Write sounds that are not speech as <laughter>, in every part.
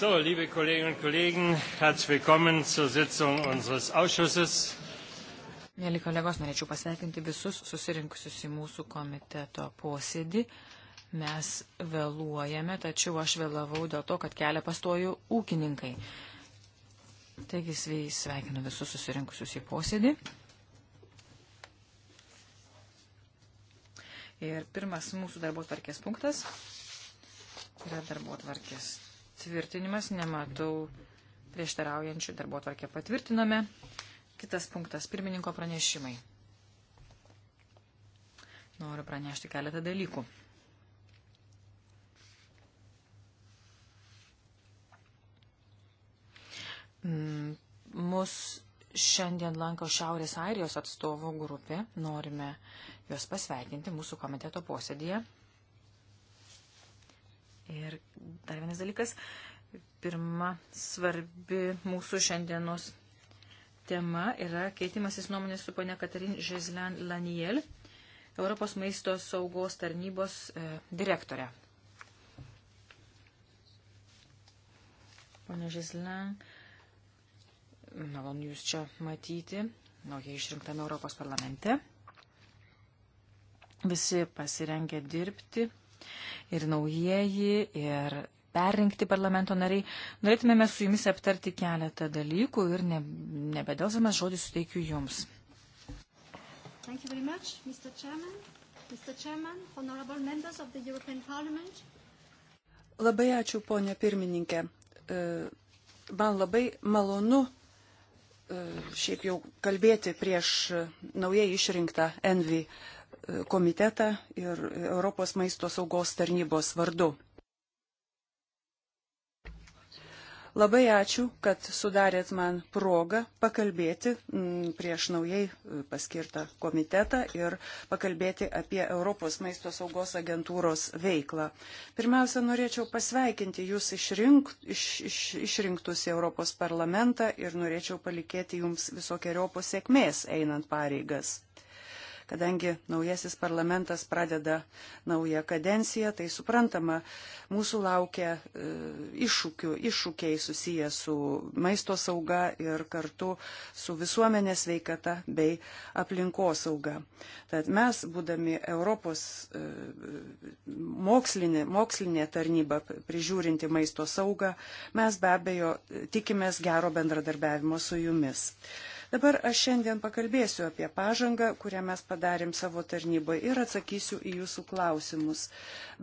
So, liebe Kolleginnen und Kollegen, herzlich willkommen zur Sitzung unseres Ausschusses. Mėly kolegos, norėčiau pasveikinti visus susirinkusius į mūsų komiteto posėdį. Mes vėluojame, tačiau aš vėlavau dėl to, kad kelią pastojo ūkininkai. Taigi sveikinu visus susirinkusius į posėdį. Ir pirmas mūsų darbo tvarkės punktas yra darbo tvarkės tvirtinimas, nematau prieštaraujančių darbo tvarkę patvirtinome. Kitas punktas - pirmininko pranešimai. Noriu pranešti keletą dalykų. Mm, mus šiandien lanko Šiaurės Airijos atstovų grupė. Norime juos pasveikinti mūsų komiteto posėdėje. Ir dar vienas dalykas, pirma svarbi mūsų šiandienos tema yra keitimasis nuomonės su ponia Katarin Žezlan Laniel, Europos maisto saugos tarnybos e, direktorė. Pone Žezlan, malonu Jūs čia matyti, naujai išrinktame Europos parlamente. Visi pasirengę dirbti ir naujieji, ir perrinkti parlamento nariai. Norėtumėme su jumis aptarti keletą dalykų ir ne, nebedelsamas žodį suteikiu jums. Thank you very much, Mr. Chairman. Mr. Chairman, honorable members of the European Parliament. Labai ačiū, ponė pirmininkė. E, man labai malonu e, šiaip jau kalbėti prieš naujai išrinktą Envy komitetą ir Europos maisto saugos tarnybos vardu. Labai ačiū, kad sudarėt man progą pakalbėti mm, prieš naujai e, paskirtą komitetą ir pakalbėti apie Europos maisto saugos agentūros veiklą. Pirmiausia, norėčiau pasveikinti jūs išrink, iš, iš, išrinktus į Europos parlamentą ir norėčiau palikėti jums visokiojopos sėkmės einant pareigas. Kadangi naujasis parlamentas pradeda naują kadenciją, tai suprantama, mūsų laukia e, iššūkių, iššūkiai susiję su maisto sauga ir kartu su visuomenės veikata bei aplinkosauga. Tad mes, būdami Europos e, mokslinė, mokslinė tarnyba prižiūrinti maisto saugą, mes be abejo tikimės gero bendradarbiavimo su jumis. Dabar aš šiandien pakalbėsiu apie pažangą, kurią mes padarėm savo tarnyboje ir atsakysiu į jūsų klausimus.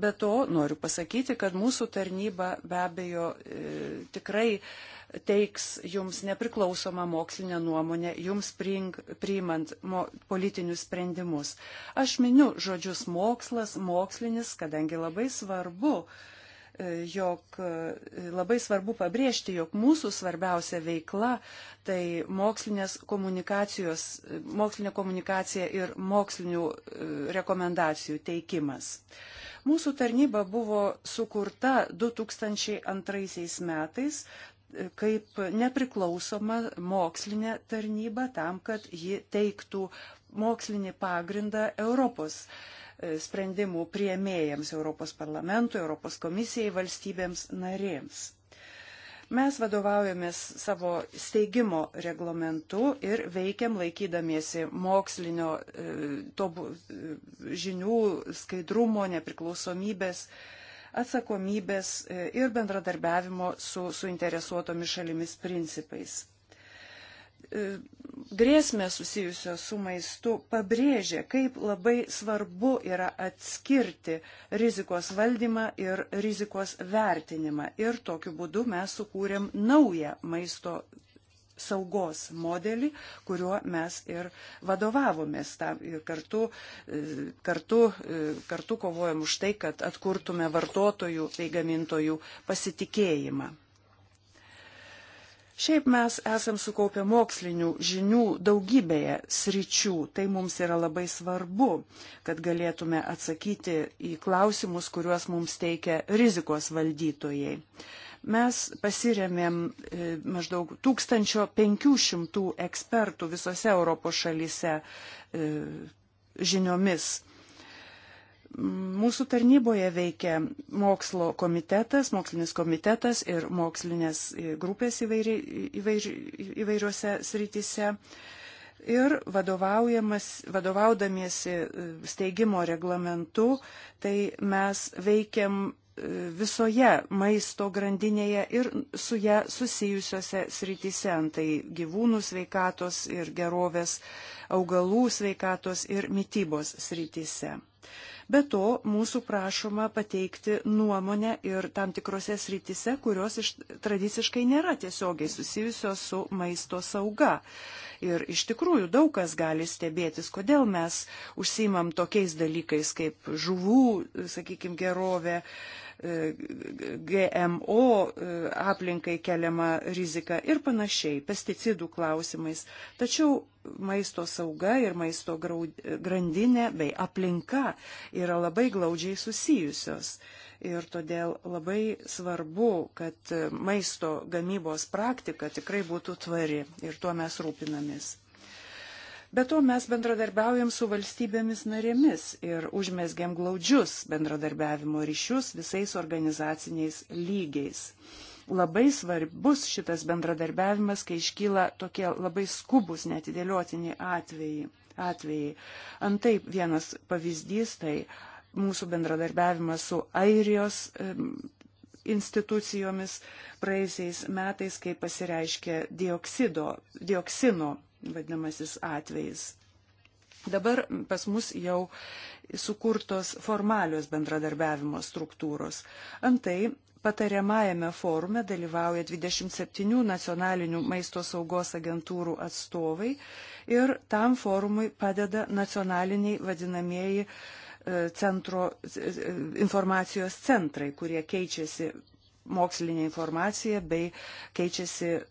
Be to, noriu pasakyti, kad mūsų tarnyba be abejo e, tikrai teiks jums nepriklausomą mokslinę nuomonę, jums priink, priimant mo, politinius sprendimus. Aš miniu žodžius mokslas, mokslinis, kadangi labai svarbu, uh, jog e, labai svarbu pabrėžti, jog mūsų svarbiausia veikla tai mokslinės komunikacijos, mokslinė komunikacija ir mokslinių e, rekomendacijų teikimas. Mūsų tarnyba buvo sukurta 2002 metais e, kaip nepriklausoma mokslinė tarnyba tam, kad ji teiktų mokslinį pagrindą Europos E, sprendimų prieimėjams Europos parlamentui, Europos komisijai, valstybėms narėms. Mes vadovaujamės savo steigimo reglamentu ir veikiam laikydamiesi mokslinio e, tobu, e, žinių, skaidrumo, nepriklausomybės, atsakomybės ir bendradarbiavimo su suinteresuotomis šalimis principais. E, grėsmės susijusios su maistu pabrėžė, kaip labai svarbu yra atskirti rizikos valdymą ir rizikos vertinimą. Ir tokiu būdu mes sukūrėm naują maisto saugos modelį, kuriuo mes ir vadovavomės. Ta, ir kartu, e, kartu, e, kartu kovojom už tai, kad atkurtume vartotojų bei tai gamintojų pasitikėjimą. Šiaip mes esam sukaupę mokslinių žinių daugybėje sričių, tai mums yra labai svarbu, kad galėtume atsakyti į klausimus, kuriuos mums teikia rizikos valdytojai. Mes pasiremėm e, maždaug 1500 ekspertų visose Europos šalyse e, žiniomis Mūsų tarnyboje veikia mokslo komitetas, mokslinis komitetas ir mokslinės grupės įvairi, įvairi, įvairiuose srityse. Ir vadovaudamiesi e, steigimo reglamentu, tai mes veikiam e, visoje maisto grandinėje ir su ją susijusiose srityse, tai gyvūnų sveikatos ir gerovės, augalų sveikatos ir mytybos srityse. Be to, mūsų prašoma pateikti nuomonę ir tam tikrose srityse, kurios iš, tradiciškai nėra tiesiogiai susijusios su maisto sauga. Ir iš tikrųjų daug kas gali stebėtis, kodėl mes užsimam tokiais dalykais kaip žuvų, sakykime, gerovė, uh, E, GMO e, aplinkai keliama rizika ir panašiai, pesticidų klausimais. Tačiau maisto sauga ir maisto grandinė bei aplinka yra labai glaudžiai susijusios. Ir todėl labai svarbu, kad maisto gamybos praktika tikrai būtų tvari ir tuo mes rūpinamės. Be to mes bendradarbiaujam su valstybėmis narėmis ir užmesgiam glaudžius bendradarbiavimo ryšius visais organizaciniais lygiais. Labai svarbus šitas bendradarbiavimas, kai iškyla tokie labai skubus, netidėliotini atvejai. atvejai. Antai vienas pavyzdys tai mūsų bendradarbiavimas su Airijos institucijomis praeisiais metais, kai pasireiškė dioksido, dioksino vadinamasis atvejis. Dabar pas mus jau sukurtos formalios bendradarbiavimo struktūros. Antai patariamajame forume dalyvauja 27 nacionalinių maisto saugos agentūrų atstovai ir tam forumui padeda nacionaliniai vadinamieji e, centro, e, e, informacijos centrai, kurie keičiasi mokslinė informacija bei keičiasi e,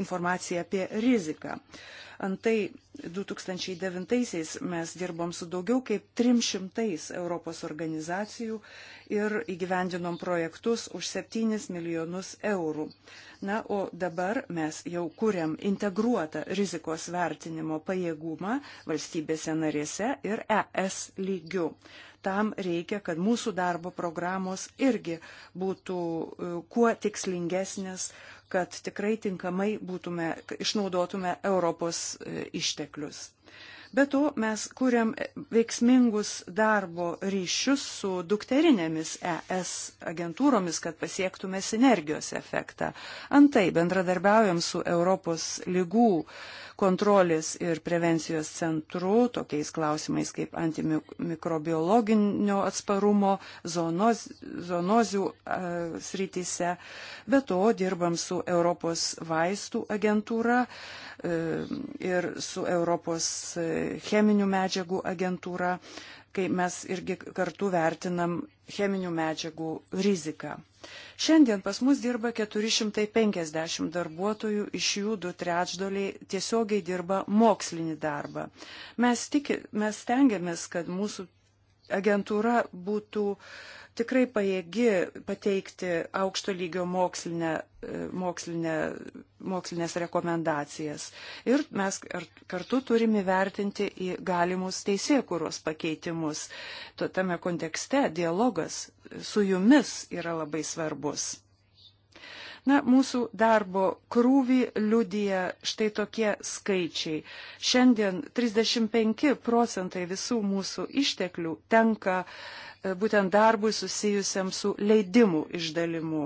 informacija apie riziką. Antai 2009-aisiais mes dirbom su daugiau kaip 300 Europos organizacijų ir įgyvendinom projektus už 7 milijonus eurų. Na, o dabar mes jau kuriam integruotą rizikos vertinimo pajėgumą valstybėse narėse ir ES lygių tam reikia, kad mūsų darbo programos irgi būtų e, kuo tikslingesnės, kad tikrai tinkamai būtume, išnaudotume Europos e, išteklius. Be to, mes kuriam veiksmingus darbo ryšius su dukterinėmis ES agentūromis, kad pasiektume sinergijos efektą. Antai, bendradarbiaujam su Europos lygų kontrolės ir prevencijos centru, tokiais klausimais kaip antimikrobiologinio atsparumo, zonoz, zonozių e, srityse. Be to dirbam su Europos vaistų agentūra e, ir su Europos cheminių medžiagų agentūra, kai mes irgi kartu vertinam cheminių medžiagų riziką. Šiandien pas mus dirba 450 darbuotojų, iš jų du trečdaliai tiesiogiai dirba mokslinį darbą. Mes, tiki, mes stengiamės, kad mūsų agentūra būtų uh, tikrai pajėgi pateikti aukšto lygio mokslinę, e, mokslinę, mokslinės rekomendacijas. Ir mes kartu turime vertinti į galimus teisėkuros pakeitimus. Tuo tame kontekste dialogas su jumis yra labai svarbus. Na, mūsų darbo krūvį liudija štai tokie skaičiai. Šiandien 35 procentai visų mūsų išteklių tenka uh, E, būtent darbui susijusiam su leidimų išdalimu,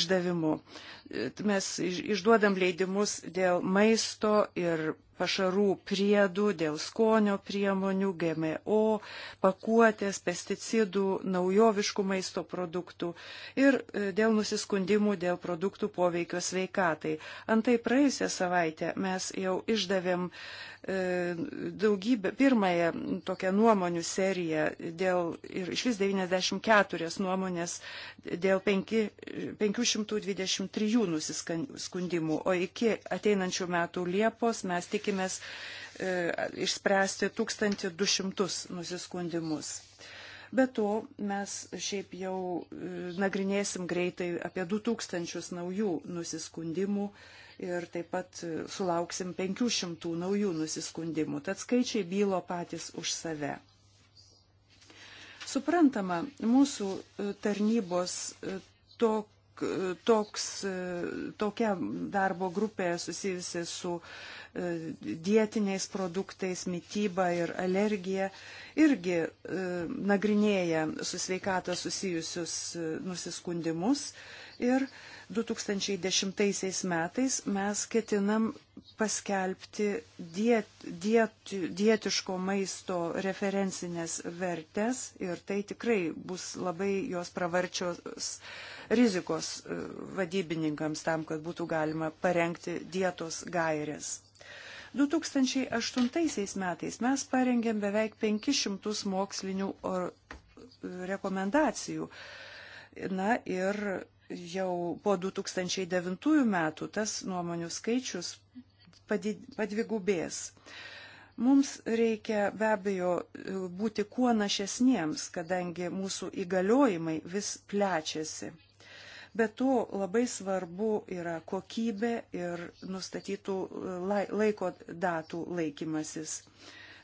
išdavimu. E, mes išduodam leidimus dėl maisto ir pašarų priedų, dėl skonio priemonių, GMO, pakuotės, pesticidų, naujoviškų maisto produktų ir e, dėl nusiskundimų dėl produktų poveikio sveikatai. Antai praėjusią savaitę mes jau išdavėm e, daugybę, pirmąją tokią nuomonių seriją dėl ir iš vis 94 nuomonės dėl 5, 523 nusiskundimų, o iki ateinančių metų Liepos mes tik tikimės e, išspręsti 1200 nusiskundimus. Be to, mes šiaip jau e, nagrinėsim greitai apie 2000 naujų nusiskundimų ir taip pat e, sulauksim 500 naujų nusiskundimų. Tad skaičiai bylo patys už save. Suprantama, mūsų tarnybos tok E, toks, e, tokia darbo grupė susijusi su e, dietiniais produktais, mytyba ir alergija irgi nagrinėja su sveikata susijusius nusiskundimus ir 2010 metais mes ketinam paskelbti diet, diet, dietiško maisto referencinės vertės ir tai tikrai bus labai jos pravarčios rizikos e, vadybininkams tam, kad būtų galima parengti dietos gairės. 2008 metais mes parengėm beveik 500 mokslinių rekomendacijų. Na ir jau po 2009 metų tas nuomonių skaičius padvigubės. Mums reikia be abejo e, būti kuo našesniems, kadangi mūsų įgaliojimai vis plečiasi. Bet to labai svarbu yra kokybė ir nustatytų e, laiko datų laikymasis.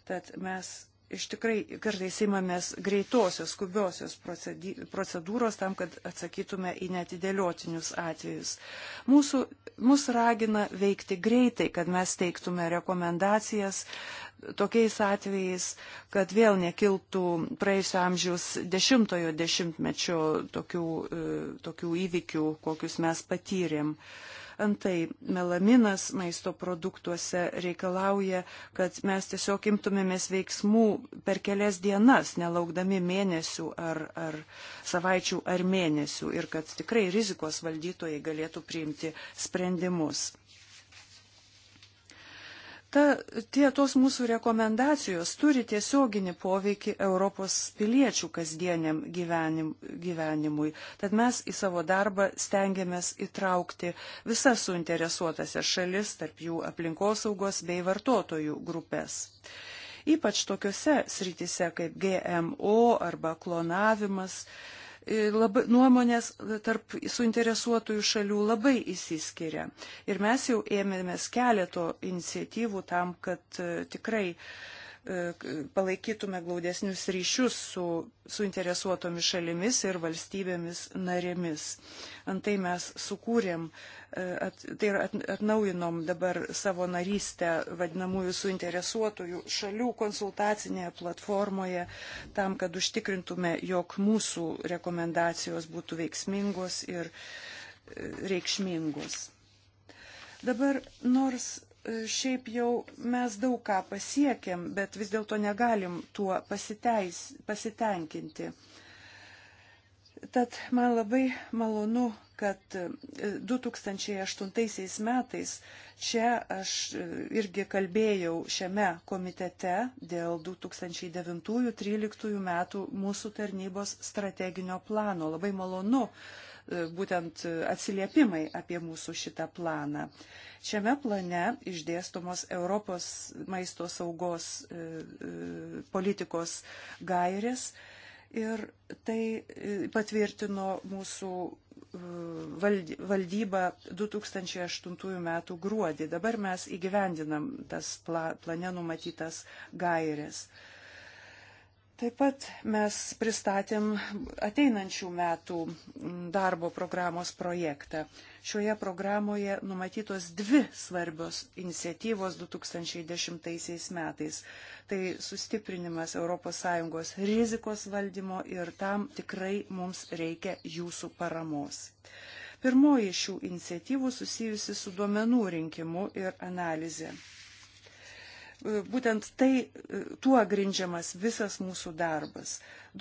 Tad mes iš tikrai kartais įmamės greitosios, skubiosios procedūros tam, kad atsakytume į netidėliotinius atvejus. Mūsų, mūsų ragina veikti greitai, kad mes teiktume rekomendacijas tokiais atvejais, kad vėl nekiltų praėjusio amžiaus dešimtojo dešimtmečio tokių, e, tokių įvykių, kokius mes patyrėm. Uh, Antai melaminas maisto produktuose reikalauja, kad mes tiesiog imtumėmės veiksmų per kelias dienas, nelaukdami mėnesių ar, ar savaičių ar mėnesių ir kad tikrai rizikos valdytojai galėtų priimti sprendimus ta, tie tos mūsų rekomendacijos turi tiesioginį poveikį Europos piliečių kasdieniam gyvenim, gyvenimui. Tad mes į savo darbą stengiamės įtraukti visas suinteresuotasias šalis, tarp jų aplinkosaugos bei vartotojų grupės. Ypač tokiuose srityse kaip GMO arba klonavimas, uh, E, labai, nuomonės tarp suinteresuotųjų šalių labai įsiskiria. Ir mes jau ėmėmės keleto iniciatyvų tam, kad e, tikrai uh, E, palaikytume glaudesnius ryšius su suinteresuotomis šalimis ir valstybėmis narėmis. Antai mes sukūrėm, e, at, tai yra at, atnaujinom dabar savo narystę vadinamųjų suinteresuotųjų šalių konsultacinėje platformoje tam, kad užtikrintume, jog mūsų rekomendacijos būtų veiksmingos ir e, reikšmingos. Dabar nors šiaip jau mes daug ką pasiekėm, bet vis dėlto negalim tuo pasiteis, pasitenkinti. Tad man labai malonu, kad 2008 e, metais čia aš e, irgi kalbėjau šiame komitete dėl 2009-2013 metų mūsų tarnybos strateginio plano. Labai malonu, E, būtent atsiliepimai apie mūsų šitą planą. Šiame plane išdėstomos Europos maisto saugos e, e, politikos gairės ir tai patvirtino mūsų valdyba 2008 m. gruodį. Dabar mes įgyvendinam tas plane numatytas gairės. Taip pat mes pristatėm ateinančių metų darbo programos projektą. Šioje programoje numatytos dvi svarbios iniciatyvos 2010 metais. Tai sustiprinimas ES rizikos valdymo ir tam tikrai mums reikia jūsų paramos. Pirmoji šių iniciatyvų susijusi su duomenų rinkimu ir analize būtent tai, e, tuo grindžiamas visas mūsų darbas.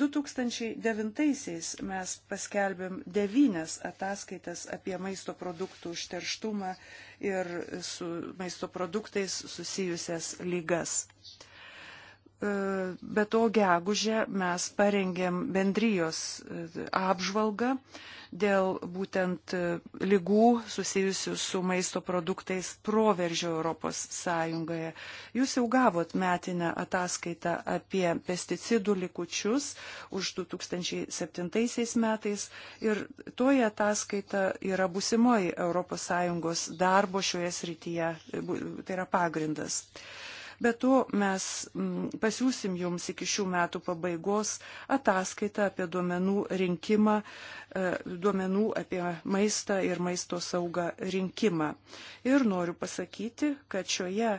2009-aisiais mes paskelbėm devynes ataskaitas apie maisto produktų užterštumą ir su maisto produktais susijusias lygas. E, be to gegužę mes parengėm bendrijos e, apžvalgą dėl būtent e, lygų susijusių su maisto produktais proveržio Europos Sąjungoje. Jūs jau gavot metinę ataskaitą apie pesticidų likučius už 2007 metais ir toje ataskaita yra busimoji Europos Sąjungos darbo šioje srityje, tai yra pagrindas. Uh, Be to mes pasiūsim jums iki šių metų pabaigos ataskaitą apie duomenų rinkimą, e, duomenų apie maistą ir maisto saugą rinkimą. Ir noriu pasakyti, kad šioje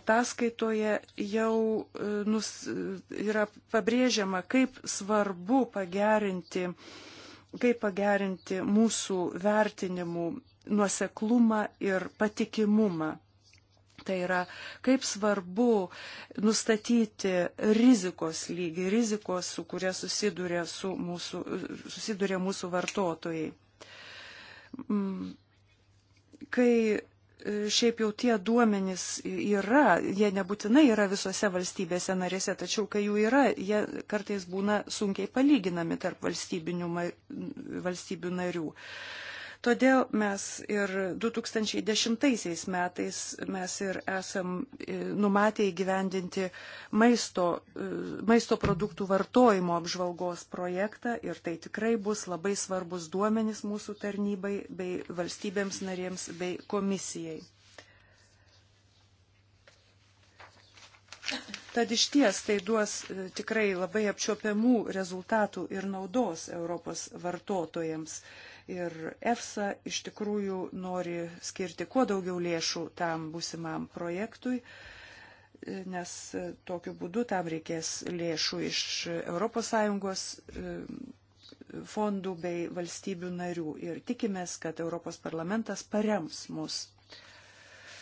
ataskaitoje jau e, nus, e, yra pabrėžiama, kaip svarbu pagerinti, kaip pagerinti mūsų vertinimų nuoseklumą ir patikimumą. Tai yra, kaip svarbu nustatyti rizikos lygį, rizikos, su kuria susiduria, su mūsų, susiduria mūsų vartotojai. Mm. Kai e, šiaip jau tie duomenys yra, jie nebūtinai yra visose valstybėse narėse, tačiau kai jų yra, jie kartais būna sunkiai palyginami tarp valstybių narių. Todėl mes ir 2010 metais mes ir esam e, numatę įgyvendinti maisto, e, maisto produktų vartojimo apžvalgos projektą ir tai tikrai bus labai svarbus duomenis mūsų tarnybai bei valstybėms narėms bei komisijai. Tad iš ties tai duos e, tikrai labai apčiopiamų rezultatų ir naudos Europos vartotojams ir EFSA iš tikrųjų nori skirti kuo daugiau lėšų tam būsimam projektui, nes tokiu būdu tam reikės lėšų iš ES e, fondų bei valstybių narių ir tikimės, kad Europos parlamentas parems mus.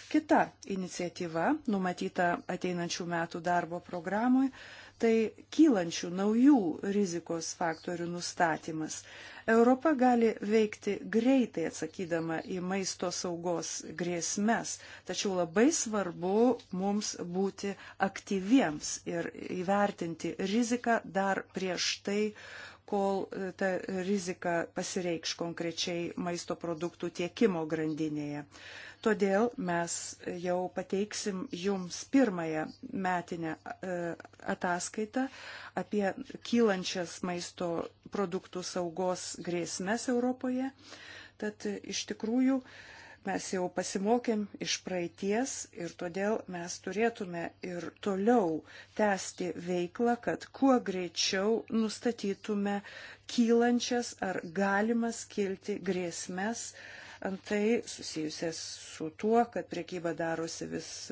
Kita iniciatyva, numatyta ateinančių metų darbo programui, tai kylančių naujų rizikos faktorių nustatymas. Europa gali veikti greitai atsakydama į maisto saugos grėsmes, tačiau labai svarbu mums būti aktyviems ir įvertinti riziką dar prieš tai, kol e, ta rizika pasireikš konkrečiai maisto produktų tiekimo grandinėje. Todėl mes jau pateiksim jums pirmąją metinę e, ataskaitą apie kylančias maisto produktų saugos grėsmės Europoje. Tad iš tikrųjų mes jau pasimokėm iš praeities ir todėl mes turėtume ir toliau tęsti veiklą, kad kuo greičiau nustatytume kylančias ar galimas kilti grėsmės uh, antai susijusias su tuo, kad priekyba darosi vis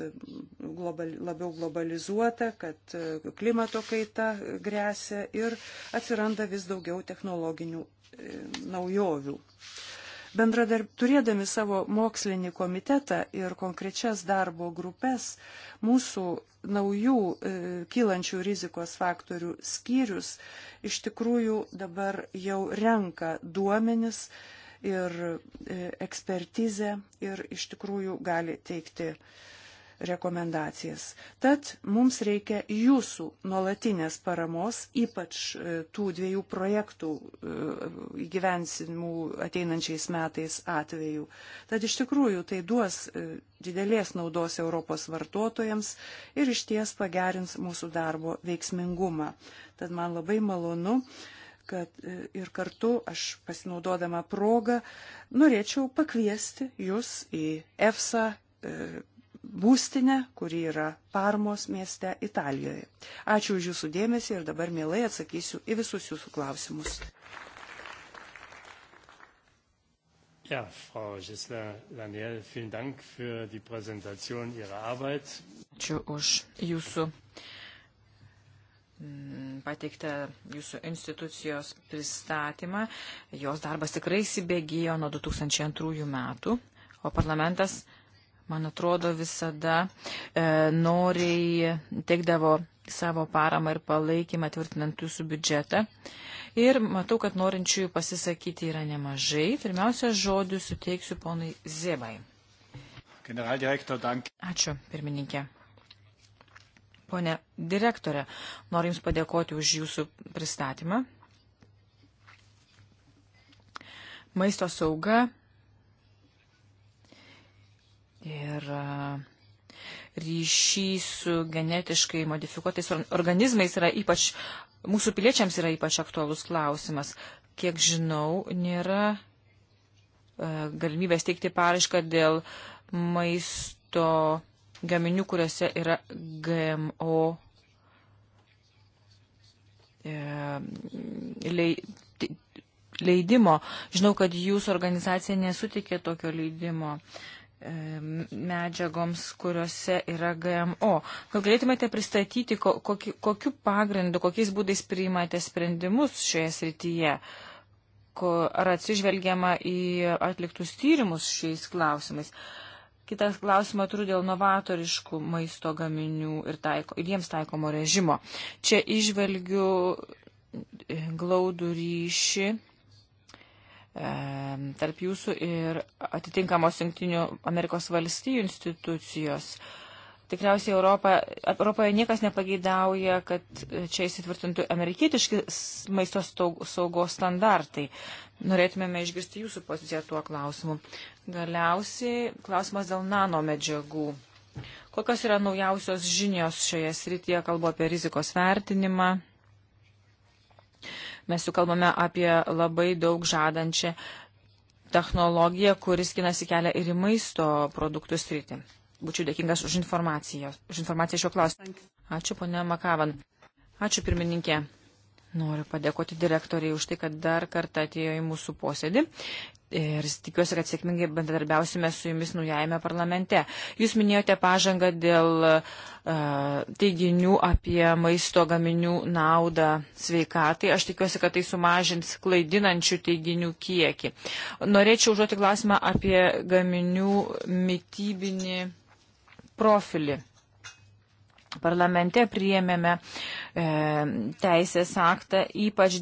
global, labiau globalizuota, kad e, klimato kaita grėsia ir atsiranda vis daugiau technologinių e, naujovių. Bendradarb, turėdami savo mokslinį komitetą ir konkrečias darbo grupės, mūsų naujų e, kylančių rizikos faktorių skyrius iš tikrųjų dabar jau renka duomenis ir e, ekspertizę ir iš tikrųjų gali teikti rekomendacijas. Tad mums reikia jūsų nuolatinės paramos, ypač e, tų dviejų projektų e, įgyvensimų ateinančiais metais atveju. Tad iš tikrųjų tai duos didelės naudos Europos vartotojams ir iš ties pagerins mūsų darbo veiksmingumą. Tad man labai malonu uh, kad e, ir kartu aš pasinaudodama progą norėčiau pakviesti jūs į EFSA e, būstinę, kuri yra Parmos mieste Italijoje. Ačiū už jūsų dėmesį ir dabar mielai atsakysiu į visus jūsų klausimus. Ja, Frau Gisela-Laniel, vielen Dank für die Präsentation Ihrer Arbeit. Ačiū už Jūsų Mm, pateiktą jūsų institucijos pristatymą. Jos darbas tikrai įsibėgėjo nuo 2002 metų, o parlamentas, man atrodo, visada e, noriai teikdavo savo paramą ir palaikymą tvirtinant jūsų biudžetą. Ir matau, kad norinčiųjų pasisakyti yra nemažai. Pirmiausia, žodį suteiksiu ponui Zebai. Ačiū, pirmininkė. Pone direktorė, noriu Jums padėkoti už Jūsų pristatymą. Maisto sauga ir e, ryšys su genetiškai modifikuotais organizmais yra ypač, mūsų piliečiams yra ypač aktualus klausimas. Kiek žinau, nėra e, galimybės teikti paraišką dėl maisto gaminių, kuriuose yra GMO e, leidimo. Žinau, kad jūsų organizacija nesutikė tokio leidimo e, medžiagoms, kuriuose yra GMO. Gal galėtumėte pristatyti, kokiu, kokiu pagrindu, kokiais būdais priimate sprendimus šioje srityje? Ar atsižvelgiama į atliktus tyrimus šiais klausimais? Uh, Kitas klausimą turiu dėl novatoriškų maisto gaminių ir, taiko, ir jiems taikomo režimo. Čia išvelgiu glaudų ryšį tarp jūsų ir atitinkamos Junktinių Amerikos valstijų institucijos. E, Tikriausiai Europa, Europoje niekas nepageidauja, kad čia įsitvirtintų amerikietiški maisto saugos standartai. Norėtumėme išgirsti jūsų poziciją tuo klausimu. Galiausiai klausimas dėl nanomedžiagų. Kokios yra naujausios žinios šioje srityje, kalbu apie rizikos vertinimą. Mes jau kalbame apie labai daug žadančią technologiją, kuris kinasi kelią ir į maisto produktų sritį būčiau dėkingas už informaciją, už informaciją šio klausimu. Ačiū, ponė Makavan. Ačiū, pirmininkė. Noriu padėkoti direktoriai už tai, kad dar kartą atėjo į mūsų posėdį ir tikiuosi, kad sėkmingai bendradarbiausime su jumis naujajame parlamente. Jūs minėjote pažangą dėl uh, teiginių apie maisto gaminių naudą sveikatai. Aš tikiuosi, kad tai sumažins klaidinančių teiginių kiekį. Norėčiau užduoti klausimą apie gaminių mytybinį profilį. Parlamente priėmėme e, teisės aktą, ypač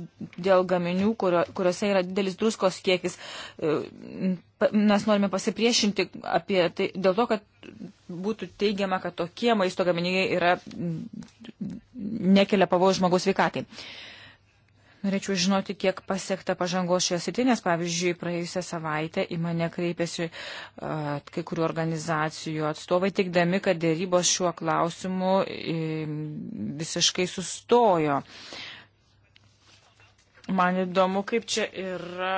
dėl gaminių, kurio, kuriuose yra didelis druskos kiekis. E, mes norime pasipriešinti apie tai, dėl to, kad būtų teigiama, kad tokie maisto gaminiai yra nekelia pavojų žmogaus veikatai. E, Norėčiau žinoti, kiek pasiekta pažangos šioje srityje, nes pavyzdžiui, praėjusią savaitę į mane kreipėsi uh, kai kurių organizacijų atstovai, teikdami, kad dėrybos šiuo klausimu uh, visiškai sustojo. Man įdomu, kaip čia yra.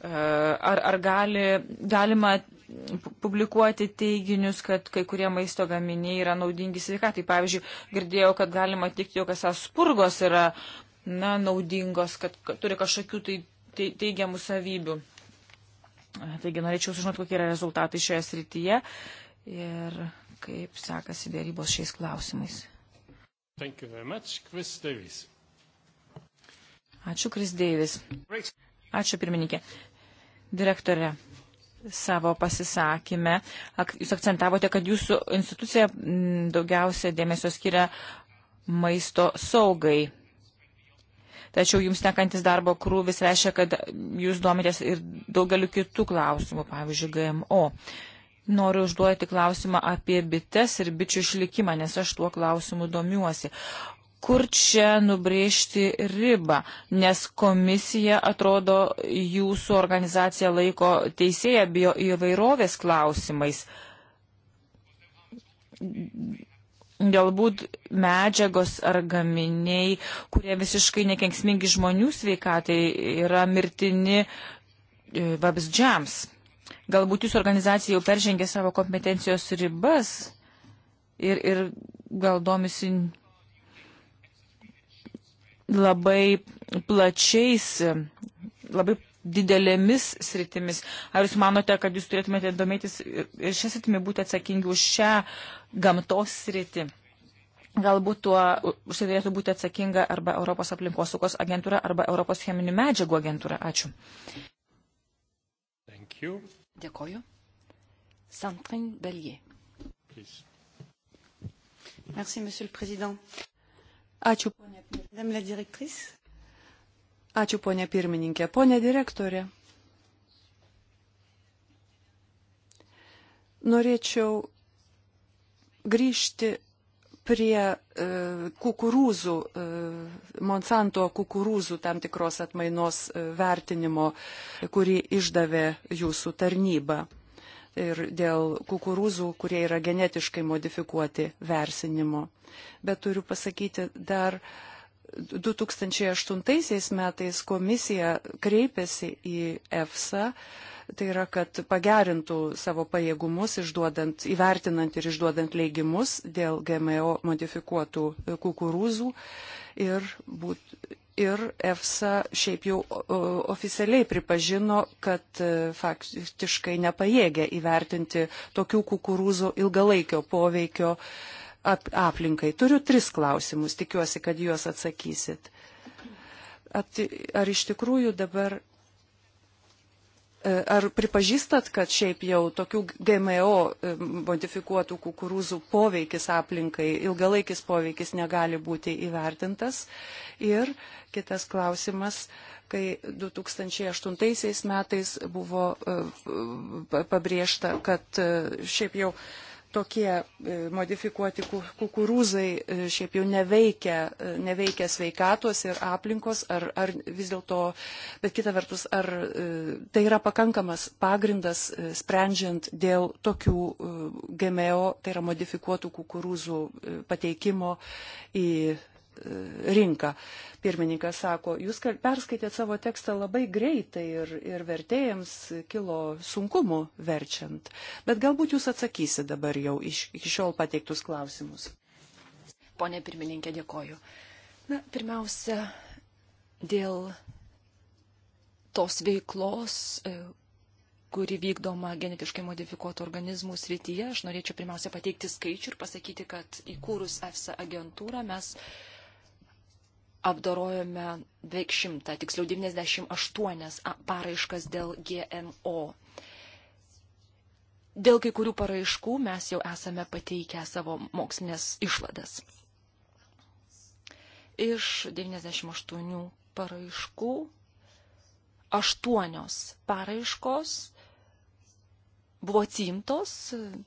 Uh, ar, ar gali, galima publikuoti teiginius, kad kai kurie maisto gaminiai yra naudingi sveikatai. Pavyzdžiui, girdėjau, kad galima teikti, jog esas spurgos yra na, naudingos, kad turi kažkokių tai teigiamų savybių. Taigi norėčiau sužinoti, kokie yra rezultatai šioje srityje ir kaip sekasi dėrybos šiais klausimais. Chris Davis. Ačiū, Kris Deivis. Ačiū, pirmininkė. Direktorė, savo pasisakymę jūs akcentavote, kad jūsų institucija daugiausia dėmesio skiria maisto saugai tačiau jums nekantis darbo krūvis reiškia, kad jūs duomitės ir daugeliu kitų klausimų, pavyzdžiui, GMO. Noriu užduoti klausimą apie bites ir bičių išlikimą, nes aš tuo klausimu domiuosi. Kur čia nubrėžti ribą, nes komisija atrodo jūsų organizacija laiko teisėja bio įvairovės klausimais galbūt medžiagos ar gaminiai, kurie visiškai nekenksmingi žmonių sveikatai, yra mirtini e, vabzdžiams. Galbūt jūsų organizacija jau peržengė savo kompetencijos ribas ir, ir gal domisi labai plačiais, labai didelėmis sritimis. Ar jūs manote, kad jūs turėtumėte domėtis ir šią sritimį būti atsakingi už šią gamtos sritį? Galbūt tuo užsidėtų tai būti atsakinga arba Europos aplinkosaugos agentūra arba Europos cheminių medžiagų agentūra. Ačiū. Dėkoju. Santrin Belgier. Merci, Monsieur le Président. Ačiū, ponė. Madame la directrice. Ačiū, ponė pirmininkė. Ponė direktorė. Norėčiau grįžti prie e, kukurūzų, e, Monsanto kukurūzų tam tikros atmainos e, vertinimo, kurį išdavė jūsų tarnyba. Ir dėl kukurūzų, kurie yra genetiškai modifikuoti versinimo. Bet turiu pasakyti dar, e, 2008 metais komisija kreipėsi į EFSA, tai yra, kad pagerintų savo pajėgumus, išduodant, įvertinant ir išduodant leidimus dėl GMO modifikuotų kukurūzų ir, būt, ir EFSA šiaip jau oficialiai pripažino, kad e, faktiškai nepajėgia įvertinti tokių kukurūzų ilgalaikio poveikio uh, ap aplinkai. Turiu tris klausimus, tikiuosi, kad juos atsakysit. Ar iš tikrųjų dabar e, Ar pripažįstat, kad šiaip jau tokių GMO e, modifikuotų kukurūzų poveikis aplinkai, ilgalaikis poveikis negali būti įvertintas? Ir kitas klausimas, kai 2008 metais buvo e, pabrėžta, kad šiaip jau tokie e, modifikuoti kukurūzai e, šiaip jau neveikia, e, neveikia sveikatos ir aplinkos, ar, ar vis dėlto, bet kita vertus, ar tai yra pakankamas pagrindas sprendžiant dėl tokių GMO, tai yra modifikuotų kukurūzų pateikimo į rinką. Pirmininkas sako, jūs perskaitėt savo tekstą labai greitai ir, ir vertėjams kilo sunkumų verčiant. Bet galbūt jūs atsakysi dabar jau iš, iki šiol pateiktus klausimus. Pone pirmininkė, dėkoju. Na, pirmiausia, dėl tos veiklos, e, kuri vykdoma genetiškai modifikuotų organizmų srityje. Aš norėčiau pirmiausia pateikti skaičių ir pasakyti, kad įkūrus EFSA agentūrą mes apdorojome beveik šimtą, tiksliau 98 paraiškas dėl GMO. Dėl kai kurių paraiškų mes jau esame pateikę savo mokslinės išvadas. Iš 98 paraiškų aštuonios paraiškos buvo atsimtos,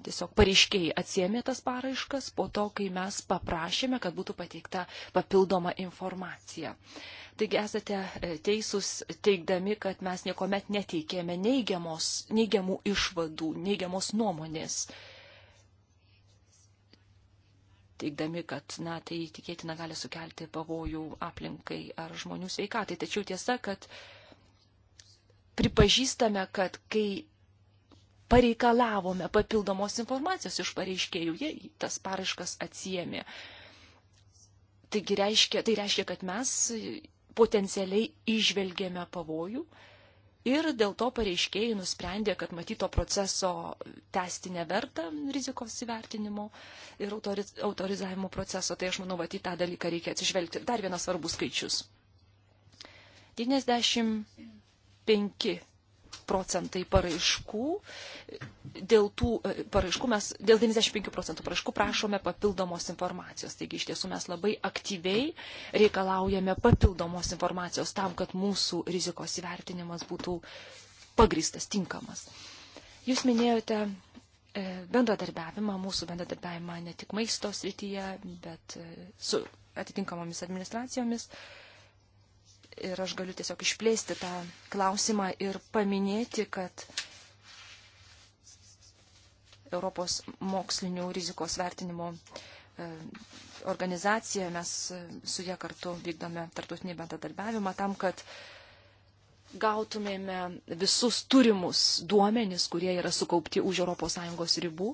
tiesiog pareiškiai atsiemė tas paraiškas po to, kai mes paprašėme, kad būtų pateikta papildoma informacija. Taigi esate e, teisūs teikdami, kad mes niekuomet neteikėme neigiamos, neigiamų išvadų, neigiamos nuomonės. Teikdami, kad na, tai tikėtina gali sukelti pavojų aplinkai ar žmonių sveikatai. Tačiau tiesa, kad pripažįstame, kad kai pareikalavome papildomos informacijos iš pareiškėjų, jie tas paraiškas atsiemė. Taigi reiškia, tai reiškia, kad mes potencialiai išvelgėme pavojų ir dėl to pareiškėjai nusprendė, kad matyto proceso tęsti neverta rizikos įvertinimo ir autoriz autorizavimo proceso. Tai aš manau, kad į tą dalyką reikia atsižvelgti. Dar vienas svarbus skaičius. 95 procentai paraiškų. Dėl tų e, paraiškų mes, dėl 95 procentų paraiškų prašome papildomos informacijos. Taigi iš tiesų mes labai aktyviai reikalaujame papildomos informacijos tam, kad mūsų rizikos įvertinimas būtų pagristas, tinkamas. Jūs minėjote e, bendradarbiavimą, mūsų bendradarbiavimą ne tik maisto srityje, bet e, su atitinkamomis administracijomis. Uh, Ir aš galiu tiesiog išplėsti tą klausimą ir paminėti, kad Europos mokslinių rizikos vertinimo e, organizacija, mes e, su jie kartu vykdome tartutinį bendradarbiavimą tam, kad gautumėme visus turimus duomenis, kurie yra sukaupti už ES ribų.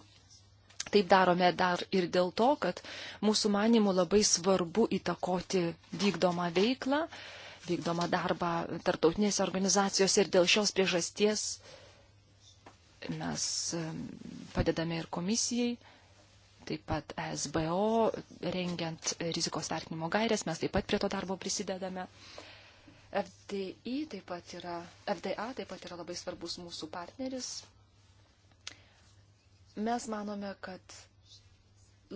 Taip darome dar ir dėl to, kad mūsų manimų labai svarbu įtakoti vykdomą veiklą, uh, vykdomą darbą tartautinėse organizacijose ir dėl šios priežasties mes padedame ir komisijai, taip pat e SBO, rengiant rizikos vertinimo gairės, mes taip pat prie to darbo prisidedame. FDI taip pat yra, FDA taip pat yra labai svarbus mūsų partneris. Mes manome, kad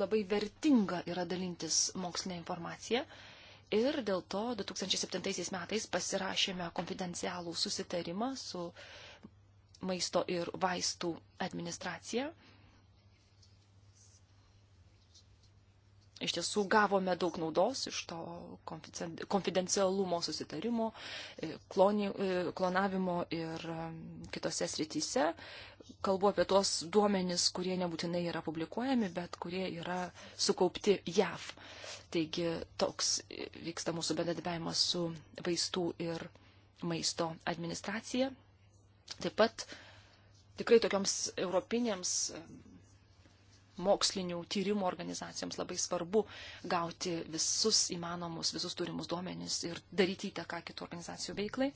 labai vertinga yra dalintis mokslinė informacija ir dėl to 2007 metais pasirašėme konfidencialų susitarimą su maisto ir vaistų administracija. Iš tiesų gavome daug naudos iš to konfidencialumo susitarimo, e, kloni, e, klonavimo ir e, kitose srityse. Kalbu apie tuos duomenis, kurie nebūtinai yra publikuojami, bet kurie yra sukaupti JAV. Taigi toks vyksta mūsų bendradarbiavimas su vaistų ir maisto administracija. Taip pat tikrai tokioms europinėms mokslinių tyrimų organizacijoms labai svarbu gauti visus įmanomus, visus turimus duomenis ir daryti įtaką kitų organizacijų veiklai.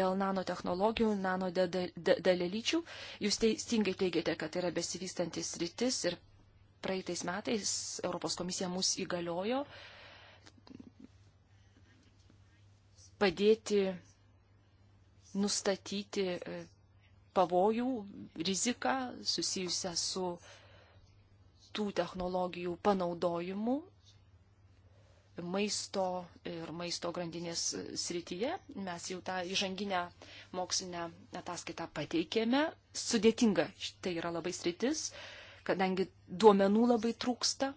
Dėl nanotehnologijų, nanodalelyčių, jūs teisingai teigiate, kad tai yra besivystantis rytis ir praeitais metais Europos komisija mus įgaliojo padėti nustatyti e, pavojų, riziką susijusią su tų technologijų panaudojimu maisto ir maisto grandinės srityje. Mes jau tą įžanginę mokslinę ataskaitą pateikėme. Sudėtinga, tai yra labai sritis, kadangi duomenų labai trūksta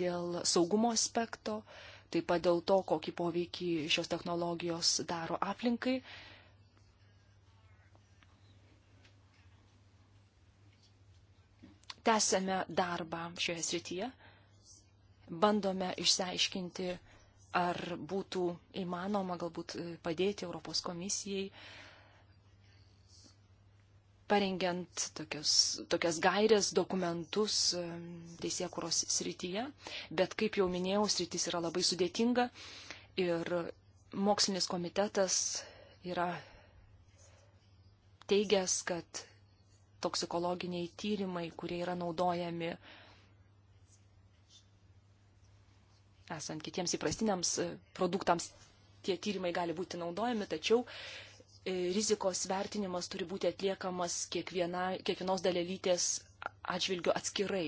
dėl saugumo aspekto, taip pat dėl to, kokį poveikį šios technologijos daro aplinkai. tęsėme darbą šioje srityje, bandome išsiaiškinti, ar būtų įmanoma galbūt e, padėti Europos komisijai, parengiant tokias, tokias gairias, dokumentus e, teisėkuros srityje. Bet, kaip jau minėjau, sritis yra labai sudėtinga ir mokslinis komitetas yra teigęs, kad toksikologiniai tyrimai, kurie yra naudojami esant kitiems įprastiniams e, produktams, tie tyrimai gali būti naudojami, tačiau e, rizikos vertinimas turi būti atliekamas kiekviena, kiekvienos dalelytės atžvilgiu atskirai.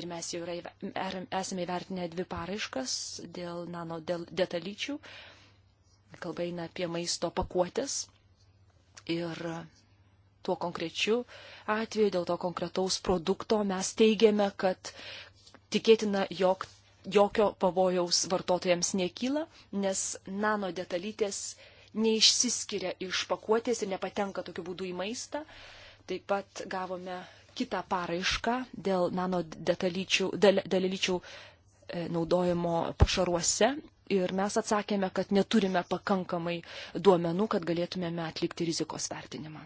Ir mes jau yra, er, esame įvertinę dvi paraiškas dėl nano detalyčių. Kalba eina apie maisto pakuotės. Ir tuo konkrečiu atveju, dėl to konkretaus produkto mes teigiame, kad tikėtina, jog jokio pavojaus vartotojams nekyla, nes nano detalytės neišsiskiria iš pakuotės ir nepatenka tokiu būdu į maistą. Taip pat gavome kitą paraišką dėl nano detalyčių, dal, dalelyčių e, naudojimo pašaruose ir mes atsakėme, kad neturime pakankamai duomenų, kad galėtumėme atlikti rizikos vertinimą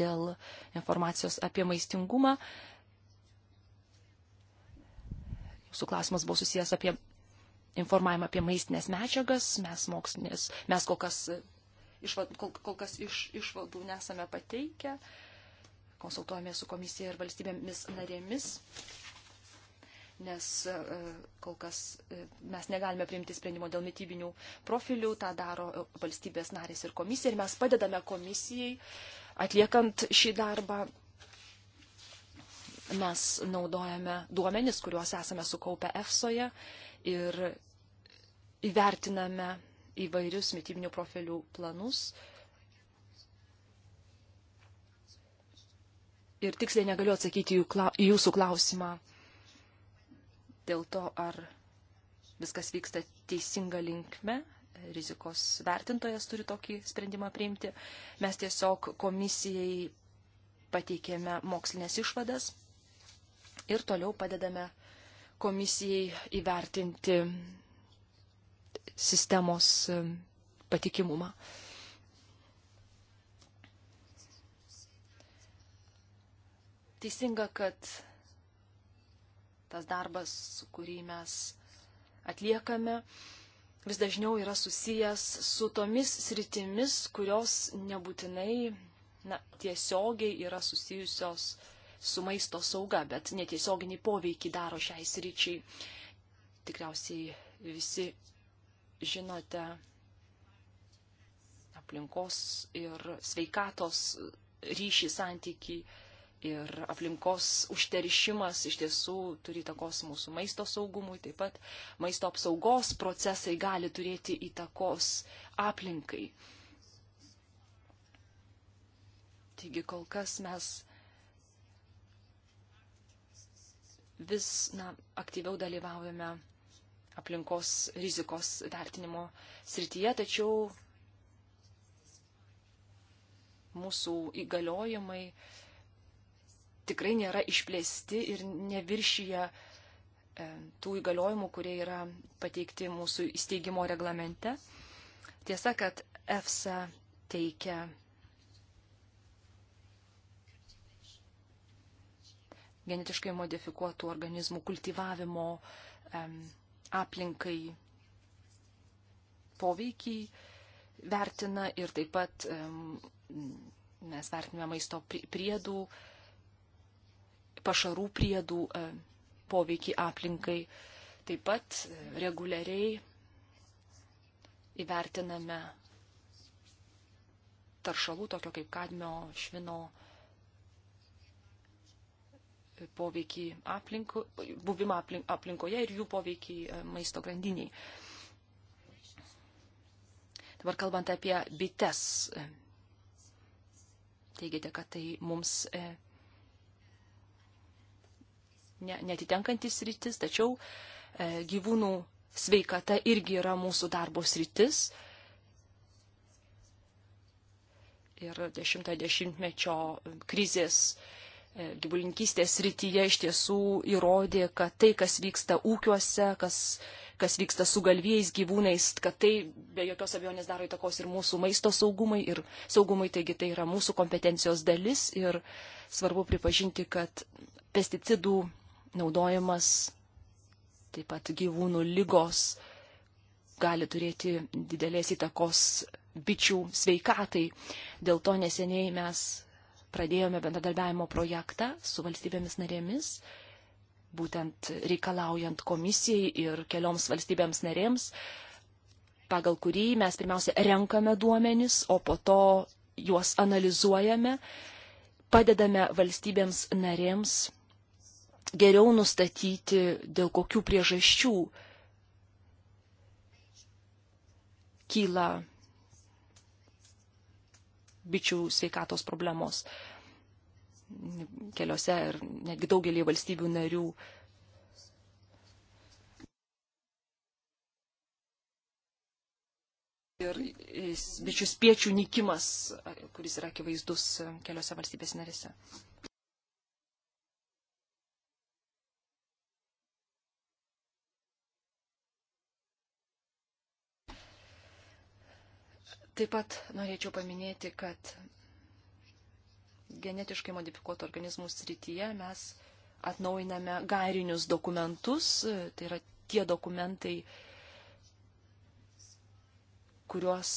dėl informacijos apie maistingumą. Jūsų klausimas buvo susijęs apie informavimą apie maistinės medžiagas. Mes, mokslinės, mes kol kas, išvad, kol, kol kas iš, išvadų nesame pateikę. Konsultuojame su komisija ir valstybėmis narėmis nes e, kol kas e, mes negalime priimti sprendimo dėl mytybinių profilių, tą daro valstybės narės ir komisija ir mes padedame komisijai Atliekant šį darbą mes naudojame duomenis, kuriuos esame sukaupę EFSOje ir įvertiname įvairius mitybinių profilių planus. Ir tiksliai negaliu atsakyti į jūsų klausimą dėl to, ar viskas vyksta teisinga linkme, rizikos vertintojas turi tokį sprendimą priimti. Mes tiesiog komisijai pateikėme mokslinės išvadas ir toliau padedame komisijai įvertinti sistemos e, patikimumą. Teisinga, kad tas darbas, kurį mes atliekame, vis dažniau yra susijęs su tomis sritimis, kurios nebūtinai na, tiesiogiai yra susijusios su maisto sauga, bet netiesioginį poveikį daro šiai sričiai. Tikriausiai visi žinote aplinkos ir sveikatos ryšį santykiai ir aplinkos užteršimas iš tiesų turi įtakos mūsų maisto saugumui, taip pat maisto apsaugos procesai gali turėti įtakos aplinkai. Taigi kol kas mes vis na, aktyviau dalyvaujame aplinkos rizikos vertinimo srityje, tačiau mūsų įgaliojimai uh, tikrai nėra išplėsti ir neviršyje tų įgaliojimų, kurie yra pateikti mūsų įsteigimo reglamente. Tiesa, kad EFSA teikia genetiškai modifikuotų organizmų kultivavimo aplinkai poveikį vertina ir taip pat mes vertiname maisto priedų, prie pašarų priedų e, poveikį aplinkai. Taip pat e, reguliariai įvertiname taršalų, tokio kaip kadmio švino poveikį aplinko, buvimą aplink, aplinkoje ir jų poveikį e, maisto grandiniai. Dabar kalbant apie bites, teigiate, kad tai mums netitenkantis rytis, tačiau e, gyvūnų sveikata irgi yra mūsų darbo sritis. Ir 10-mečio krizės e, gyvulinkystės srityje iš tiesų įrodė, kad tai, kas vyksta ūkiuose, kas, kas vyksta su galvėjais gyvūnais, kad tai be jokios abejonės daro įtakos ir mūsų maisto saugumai, ir saugumai, taigi tai yra mūsų kompetencijos dalis ir svarbu pripažinti, kad pesticidų naudojimas, taip pat gyvūnų lygos gali turėti didelės įtakos bičių sveikatai. Dėl to neseniai mes pradėjome bendradarbiavimo projektą su valstybėmis narėmis, būtent reikalaujant komisijai ir kelioms valstybėms narėms, pagal kurį mes pirmiausia renkame duomenis, o po to juos analizuojame, padedame valstybėms narėms geriau nustatyti, dėl kokių priežasčių kyla bičių sveikatos problemos keliose ir netgi daugelį valstybių narių. Ir bičių spiečių nikimas, kuris yra akivaizdus keliose valstybės narėse. Taip pat norėčiau paminėti, kad genetiškai modifikuotų organizmų srityje mes atnaujiname gairinius dokumentus, tai yra tie dokumentai, kuriuos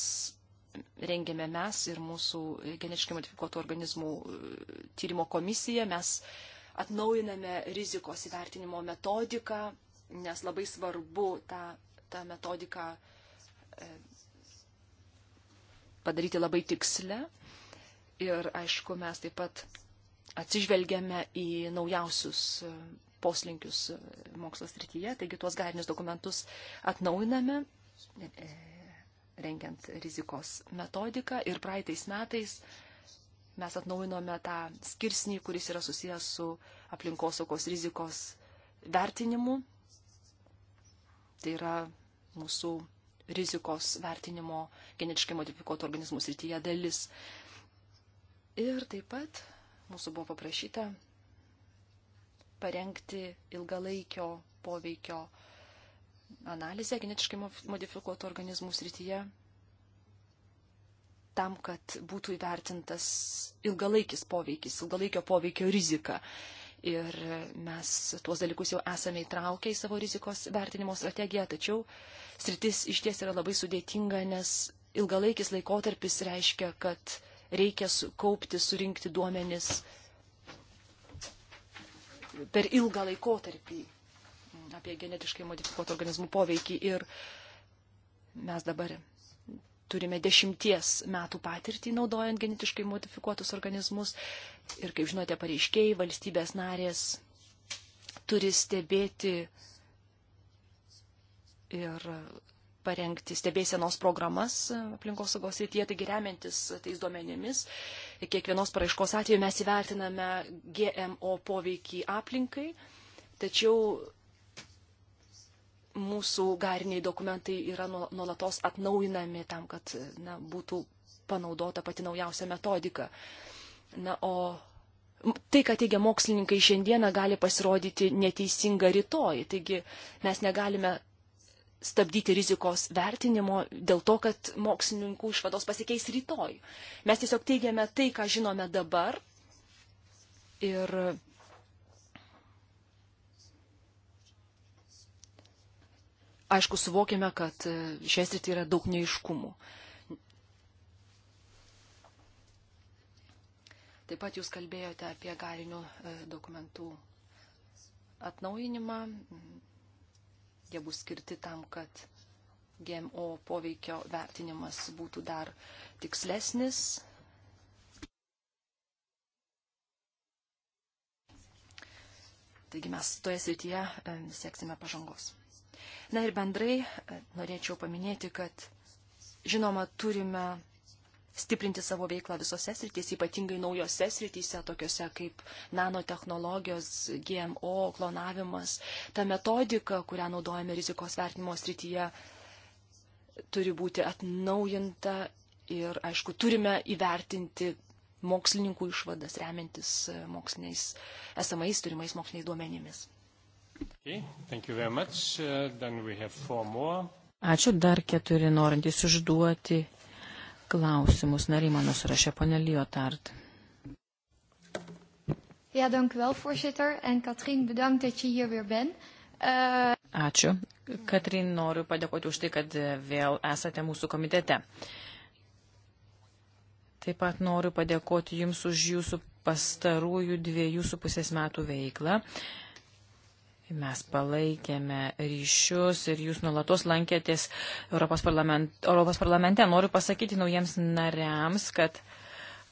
rengėme mes ir mūsų genetiškai modifikuotų organizmų e, tyrimo komisija. Mes atnaujiname rizikos įvertinimo metodiką, nes labai svarbu tą, tą metodiką e, padaryti labai tikslę. Ir aišku, mes taip pat atsižvelgiame į naujausius e, poslinkius e, mokslo srityje, taigi tuos gairinius dokumentus atnaujiname, e, rengiant rizikos metodiką. Ir praeitais metais mes atnaujinome tą skirsnį, kuris yra susijęs su aplinkosaugos rizikos vertinimu. Tai yra mūsų rizikos vertinimo genetiškai modifikuotų organizmų srityje dalis. Ir taip pat mūsų buvo paprašyta parengti ilgalaikio poveikio analizę genetiškai modifikuotų organizmų srityje tam, kad būtų įvertintas ilgalaikis poveikis, ilgalaikio poveikio rizika ir mes tuos dalykus jau esame įtraukę į savo rizikos vertinimo strategiją, tačiau sritis iš ties yra labai sudėtinga, nes ilgalaikis laikotarpis reiškia, kad reikia kaupti, surinkti duomenis per ilgą laikotarpį mm, apie genetiškai modifikuotų organizmų poveikį ir mes dabar turime dešimties metų patirtį naudojant genetiškai modifikuotus organizmus. Ir kaip žinote, pareiškėjai valstybės narės turi stebėti ir parengti stebėsenos programas aplinkosaugos rytyje, taigi remiantis tais duomenimis. Kiekvienos paraiškos atveju mes įvertiname GMO poveikį aplinkai, tačiau mūsų gariniai dokumentai yra nuolatos atnaujinami tam, kad na, būtų panaudota pati naujausia metodika. Na, o tai, ką teigia mokslininkai šiandieną, gali pasirodyti neteisinga rytoj. Taigi mes negalime stabdyti rizikos vertinimo dėl to, kad mokslininkų išvados pasikeis rytoj. Mes tiesiog teigiame tai, ką žinome dabar ir aišku, suvokiame, kad e, šias rytį yra daug neiškumų. Taip pat jūs kalbėjote apie galinių e, dokumentų atnaujinimą. Jie bus skirti tam, kad GMO poveikio vertinimas būtų dar tikslesnis. Taigi mes toje srityje e, sieksime pažangos. Na ir bendrai e, norėčiau paminėti, kad žinoma turime stiprinti savo veiklą visose srityse, ypatingai naujose srityse, tokiuose kaip nanotehnologijos, GMO, klonavimas. Ta metodika, kurią naudojame rizikos vertinimo srityje, turi būti atnaujinta ir, aišku, turime įvertinti mokslininkų išvadas, remiantis e, moksliniais, esamais turimais moksliniais duomenimis. Okay, uh, Ačiū dar keturi norintys užduoti klausimus. Nariai mano surašė ponė Liotard. Ja, dank wel, voorzitter. En Katrien, bedankt dat je hier weer bent. Uh... Ačiū. Katrin, noriu padėkoti už tai, kad vėl esate mūsų komitete. Taip pat noriu padėkoti Jums už Jūsų pastarųjų dviejų su pusės metų veiklą. Uh, Mes palaikėme ryšius ir jūs nulatos lankėtės Europos, parlament, Europos parlamente. Noriu pasakyti naujiems nariams, kad,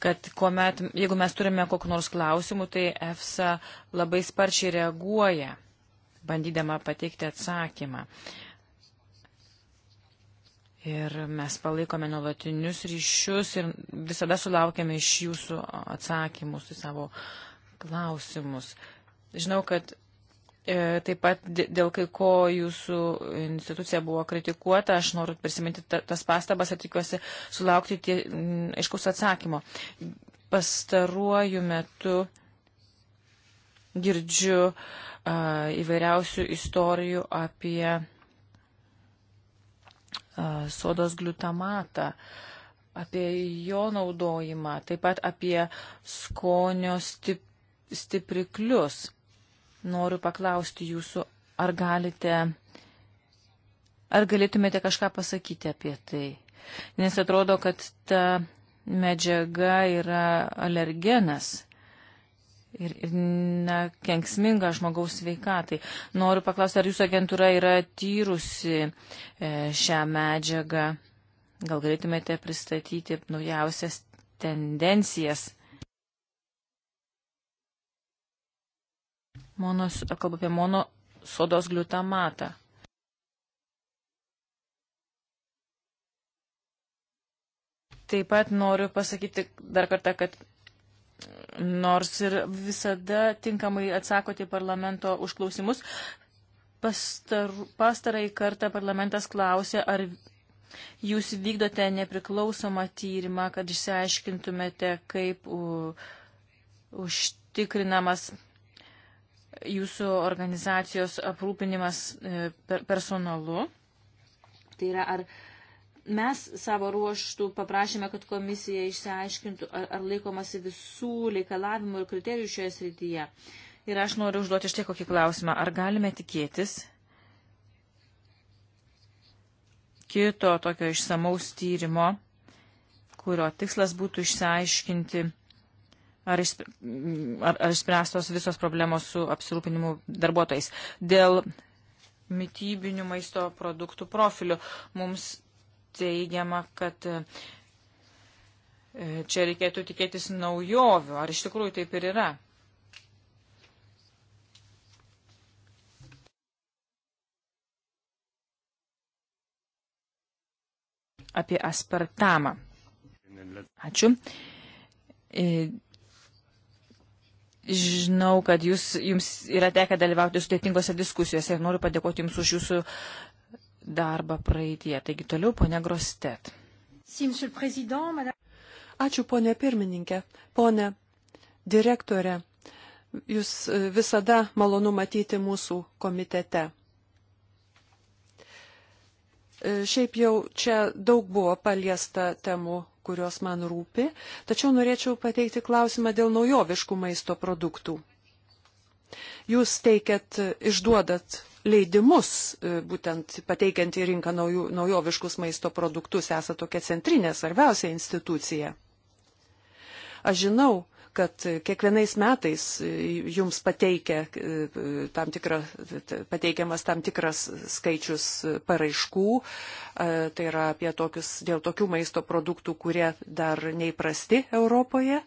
kad kuomet, jeigu mes turime kokiu nors klausimu, tai EFSA labai sparčiai reaguoja, bandydama pateikti atsakymą. Ir mes palaikome nuolatinius ryšius ir visada sulaukėme iš jūsų atsakymus į savo klausimus. Žinau, kad E, taip pat dėl kai ko jūsų institucija buvo kritikuota, aš noriu prisiminti tas pastabas ir tikiuosi sulaukti tie, mm, aiškus atsakymo. Pastaruoju metu girdžiu a, įvairiausių istorijų apie a, sodos glutamatą, apie jo naudojimą, taip pat apie skonio stip, stipriklius noriu paklausti jūsų, ar galite, ar galėtumėte kažką pasakyti apie tai? Nes atrodo, kad ta medžiaga yra alergenas. Ir, ir na, kenksminga žmogaus sveikatai. Noriu paklausti, ar jūsų agentūra yra tyrusi e, šią medžiagą? Gal galėtumėte pristatyti naujausias tendencijas? monos, kalbu apie mono sodos glutamatą. Taip pat noriu pasakyti dar kartą, kad nors ir visada tinkamai atsakote parlamento užklausimus, pastar, pastarai kartą parlamentas klausė, ar jūs vykdote nepriklausomą tyrimą, kad išsiaiškintumėte, kaip u, užtikrinamas jūsų organizacijos aprūpinimas e, personalu. Tai yra, ar mes savo ruoštų paprašėme, kad komisija išsiaiškintų, ar, ar laikomasi visų reikalavimų ir kriterijų šioje srityje. Ir aš noriu užduoti štai kokį klausimą. Ar galime tikėtis kito tokio išsamaus tyrimo, kurio tikslas būtų išsiaiškinti, ar, išspr ar, ar išspręstos visos problemos su apsirūpinimu darbuotojais. Dėl mytybinių maisto produktų profilių mums teigiama, kad e, čia reikėtų tikėtis naujovių. Ar iš tikrųjų taip ir yra? Apie aspartamą. Ačiū e, Žinau, kad jūs, jums yra tekę dalyvauti sudėtingose diskusijose ir noriu padėkoti jums už jūsų darbą praeitie. Taigi toliau, ponia Grostet. Ačiū, ponė pirmininkė. Pone direktorė, jūs e, visada malonu matyti mūsų komitete. E, šiaip jau čia daug buvo paliesta temų, kurios man rūpi, tačiau norėčiau pateikti klausimą dėl naujoviškų maisto produktų. Jūs teikiat, išduodat leidimus, e, būtent pateikiant į rinką naujų, naujoviškus maisto produktus, esate tokia centrinė, svarbiausia institucija. Aš žinau, kad kiekvienais metais jums pateikia tam tikra, pateikiamas tam tikras skaičius paraiškų, e, tai yra apie tokius, dėl tokių maisto produktų, kurie dar neįprasti Europoje,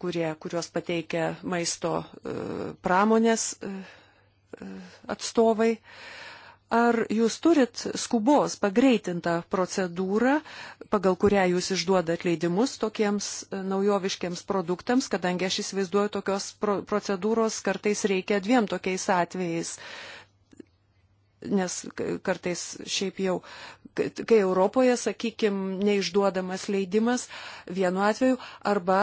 kurie, kuriuos pateikia maisto e, pramonės e, atstovai. Ar jūs turit skubos pagreitintą procedūrą, pagal kurią jūs išduodat leidimus tokiems e, naujoviškiams produktams, kadangi aš įsivaizduoju, tokios procedūros kartais reikia dviem tokiais atvejais. Uh, nes kartais šiaip jau, kai Europoje, sakykime, neišduodamas leidimas vienu atveju, arba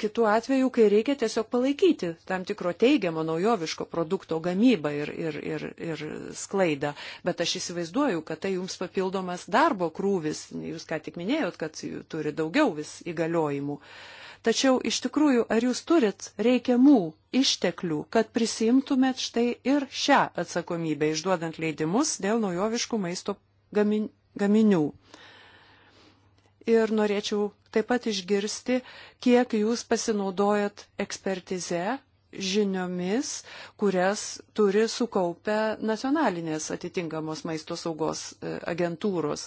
kitu atveju, kai reikia tiesiog palaikyti tam tikro teigiamo naujoviško produkto gamybą ir, ir, ir, ir sklaidą. Bet aš įsivaizduoju, kad tai jums papildomas darbo krūvis, jūs ką tik minėjot, kad turi daugiau vis įgaliojimų. Uh, Tačiau iš tikrųjų, ar jūs turit reikiamų išteklių, kad prisimtumėt štai ir šią atsakomybę, išduodant leidimus dėl naujoviškų maisto gamin, gaminių? Ir norėčiau taip pat išgirsti, kiek jūs pasinaudojat ekspertize žiniomis, kurias turi sukaupę nacionalinės atitinkamos maisto saugos e, agentūros.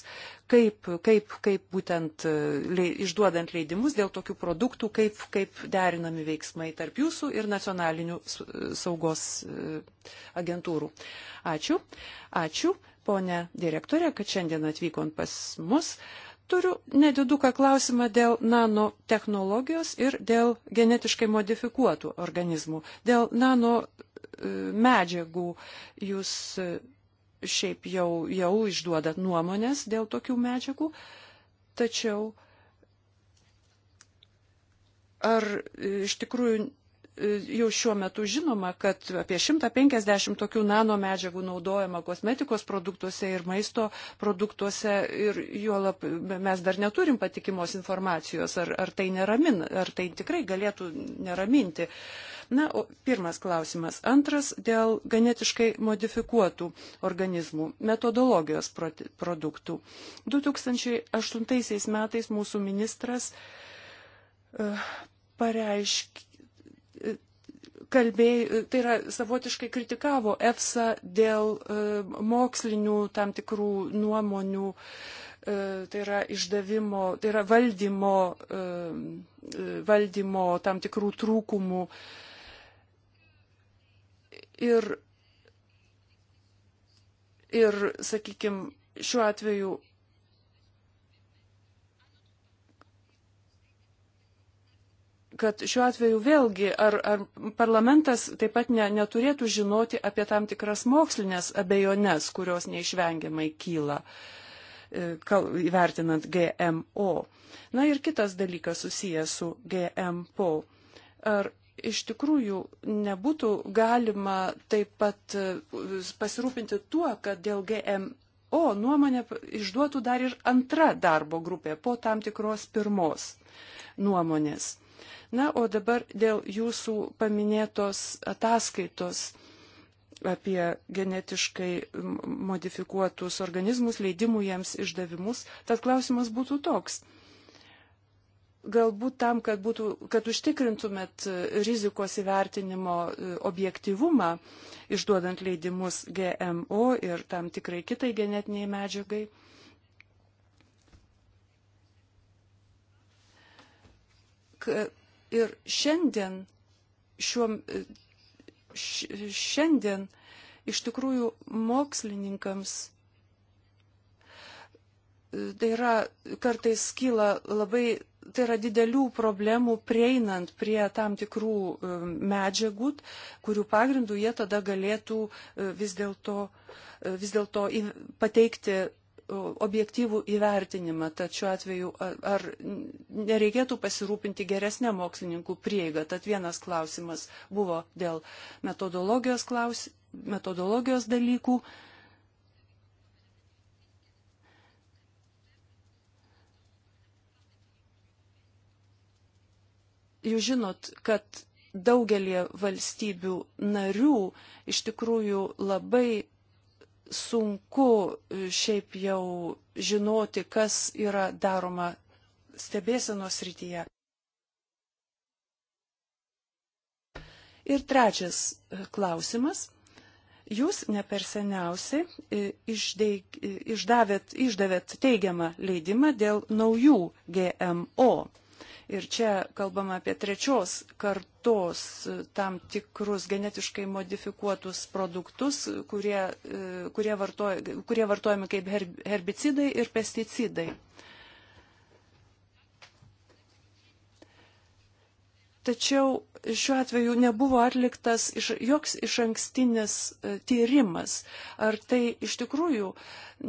Kaip, kaip, kaip būtent e, lei, išduodant leidimus dėl tokių produktų, kaip, kaip derinami veiksmai tarp jūsų ir nacionalinių saugos e, agentūrų. Ačiū. Ačiū, ponė direktorė, kad šiandien atvykon pas mus. Turiu nediduką klausimą dėl nanotehnologijos ir dėl genetiškai modifikuotų organizmų. Dėl nano e, medžiagų jūs e, šiaip jau, jau išduodat nuomonės dėl tokių medžiagų, tačiau ar e, iš tikrųjų jau šiuo metu žinoma, kad apie 150 tokių nanomedžiagų naudojama kosmetikos produktuose ir maisto produktuose ir juolab mes dar neturim patikimos informacijos, ar, ar tai neramin, ar tai tikrai galėtų neraminti. Na, o pirmas klausimas. Antras dėl genetiškai modifikuotų organizmų, metodologijos produktų. 2008 metais mūsų ministras e, pareiškė, kalbėjo, tai yra savotiškai kritikavo EFSA dėl e, mokslinių tam tikrų nuomonių, e, tai yra išdavimo, tai yra valdymo, e, valdymo tam tikrų trūkumų. Ir, ir sakykime, šiuo atveju kad šiuo atveju vėlgi, ar, ar parlamentas taip pat ne, neturėtų žinoti apie tam tikras mokslinės abejonės, kurios neišvengiamai kyla e, kal, įvertinant GMO. Na ir kitas dalykas susijęs su GMO. Ar iš tikrųjų nebūtų galima taip pat e, pasirūpinti tuo, kad dėl GMO nuomonę išduotų dar ir antra darbo grupė po tam tikros pirmos nuomonės. Na, o dabar dėl jūsų paminėtos ataskaitos apie genetiškai modifikuotus organizmus, leidimų jiems išdavimus. Tad klausimas būtų toks galbūt tam, kad, būtų, kad užtikrintumėt e, rizikos įvertinimo e, objektivumą, išduodant leidimus GMO ir tam tikrai kitai genetiniai medžiagai. Kad ir šiandien, šiuo, šiandien iš tikrųjų mokslininkams tai yra kartais kyla labai, tai yra didelių problemų prieinant prie tam tikrų um, medžiagų, kurių pagrindų jie tada galėtų uh, vis dėlto uh, vis dėl pateikti objektyvų įvertinimą, tad šiuo atveju ar, ar nereikėtų pasirūpinti geresnę mokslininkų prieigą. Tad vienas klausimas buvo dėl metodologijos, klaus, metodologijos dalykų. Jūs žinot, kad daugelį valstybių narių iš tikrųjų labai sunku e, šiaip jau žinoti, kas yra daroma stebėsenos rytyje. Ir trečias e, klausimas. Jūs ne per seniausiai e, išdeig, išdavėt, išdavėt teigiamą leidimą dėl naujų GMO Ir čia kalbama apie trečios kartos tam tikrus genetiškai modifikuotus produktus, kurie, e, kurie, vartoja, kurie vartojami kaip herbicidai ir pesticidai. Tačiau šiuo atveju nebuvo atliktas iš, joks iš ankstinis e, tyrimas. Ar tai iš tikrųjų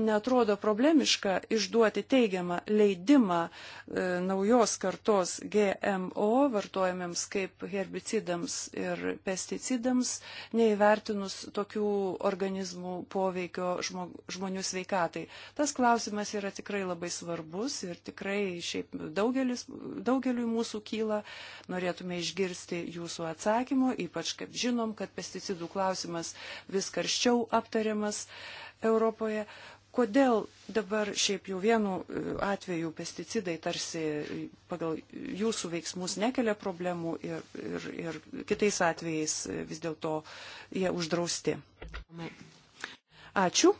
netrodo problemiška išduoti teigiamą leidimą e, naujos kartos GMO vartojamiems kaip herbicidams ir pesticidams, neįvertinus tokių organizmų poveikio žmog, žmonių sveikatai? Tas klausimas yra tikrai labai svarbus ir tikrai šiaip daugelis, daugeliui mūsų kyla. Norėtume norėtume išgirsti jūsų atsakymų, ypač kaip žinom, kad pesticidų klausimas vis karščiau aptariamas Europoje. Kodėl dabar šiaip jau vienu e, atveju pesticidai tarsi e, pagal jūsų veiksmus nekelia problemų ir, ir, ir kitais atvejais e, vis dėlto jie uždrausti? Ačiū.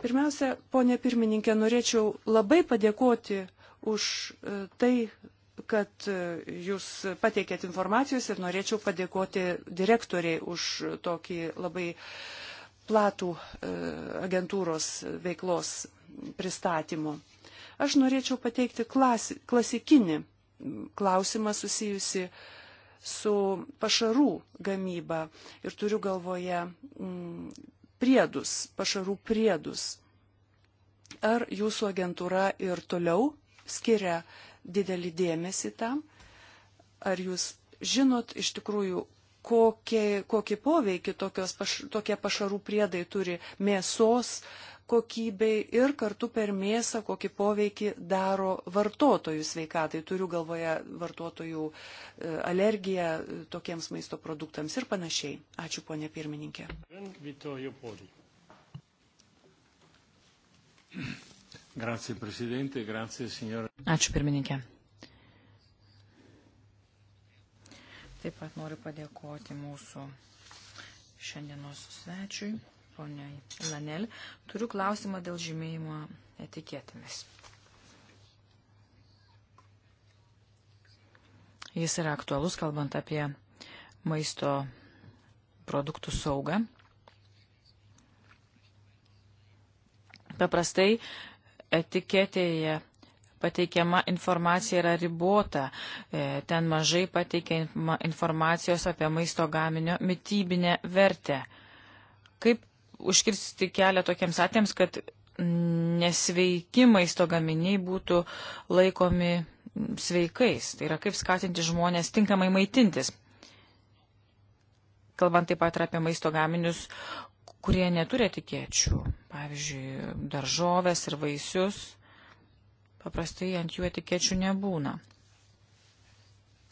Pirmiausia, ponė pirmininkė, norėčiau labai padėkoti už tai, kad e, jūs pateikėt informacijos ir norėčiau padėkoti direktoriai už tokį labai platų e, agentūros veiklos pristatymų. Aš norėčiau pateikti klasi, klasikinį klausimą susijusi su pašarų gamyba ir turiu galvoje m, mm, priedus, pašarų priedus. Ar jūsų agentūra ir toliau skiria didelį dėmesį tam. Ar jūs žinot iš tikrųjų, kokie, kokį poveikį tokios, paš, tokie pašarų priedai turi mėsos kokybei ir kartu per mėsą kokį poveikį daro vartotojų sveikatai. Turiu galvoje vartotojų e, alergiją e, tokiems maisto produktams ir panašiai. Ačiū, ponė pirmininkė. Vittorio Prodi. Grazie, prezidentė, grazie, signora. Ačiū, pirmininkė. Taip pat noriu padėkoti mūsų šiandienos svečiui, poniai Lanel. Turiu klausimą dėl žymėjimo etiketėmis. Jis yra aktualus, kalbant apie maisto produktų saugą. Paprastai etiketėje pateikiama informacija yra ribota. E, ten mažai pateikia informacijos apie maisto gaminio mytybinę vertę. Kaip užkirsti kelią tokiems atvejams, kad nesveiki maisto gaminiai būtų laikomi sveikais? Tai yra kaip skatinti žmonės tinkamai maitintis. Kalbant taip pat ir apie maisto gaminius, kurie neturi etikėčių, pavyzdžiui, daržovės ir vaisius, paprastai ant jų etikėčių nebūna.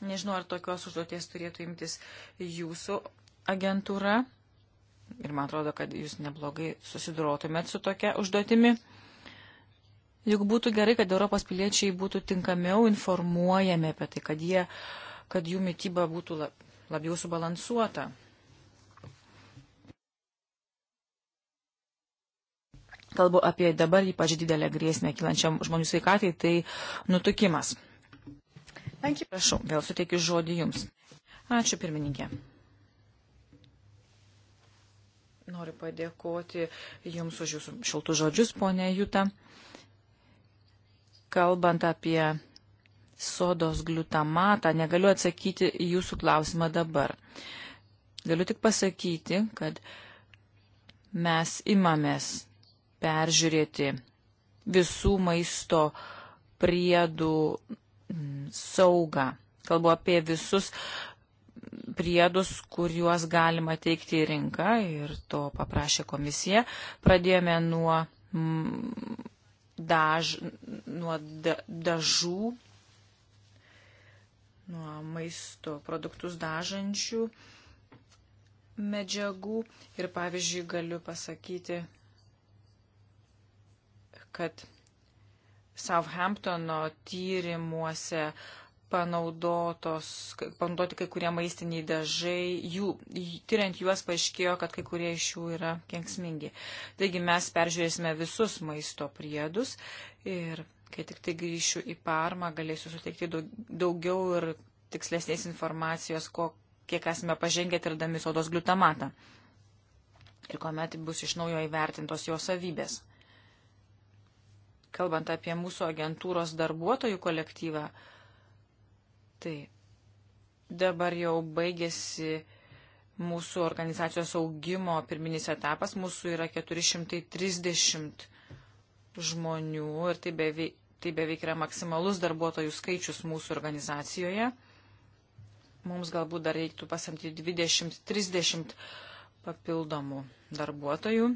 Nežinau, ar tokios užduoties turėtų imtis jūsų agentūra. Ir man atrodo, kad jūs neblogai susidorotumėt su tokia užduotimi. Juk būtų gerai, kad Europos piliečiai būtų tinkamiau informuojami apie tai, kad, jie, kad jų mytyba būtų labiau subalansuota. kalbu apie dabar ypač didelę grėsmę kilančiam žmonių sveikatai, tai nutukimas. Prašau, vėl suteikiu žodį Jums. Ačiū pirmininkė. Noriu padėkoti Jums už Jūsų šiltų žodžius, ponė Jūta. Kalbant apie sodos glutamatą, negaliu atsakyti Jūsų klausimą dabar. Galiu tik pasakyti, kad mes imamės peržiūrėti visų maisto priedų mm, saugą. Kalbu apie visus priedus, kuriuos galima teikti į rinką ir to paprašė komisija. Pradėjome nuo, mm, daž, nuo da, dažų, nuo maisto produktus dažančių medžiagų ir pavyzdžiui galiu pasakyti, kad Southamptono tyrimuose panaudotos, panaudoti kai kurie maistiniai dažai, jų, tyriant juos paaiškėjo, kad kai kurie iš jų yra kenksmingi. Taigi mes peržiūrėsime visus maisto priedus ir kai tik tai grįšiu į Parmą, galėsiu suteikti daugiau ir tikslesnės informacijos, ko, kiek esame pažengę tirdami sodos glutamatą. Ir kuomet bus iš naujo įvertintos jo savybės kalbant apie mūsų agentūros darbuotojų kolektyvą, tai dabar jau baigėsi mūsų organizacijos augimo pirminis etapas, mūsų yra 430 žmonių ir tai beveik, tai beveik yra maksimalus darbuotojų skaičius mūsų organizacijoje. Mums galbūt dar reiktų pasamti 20-30 papildomų darbuotojų.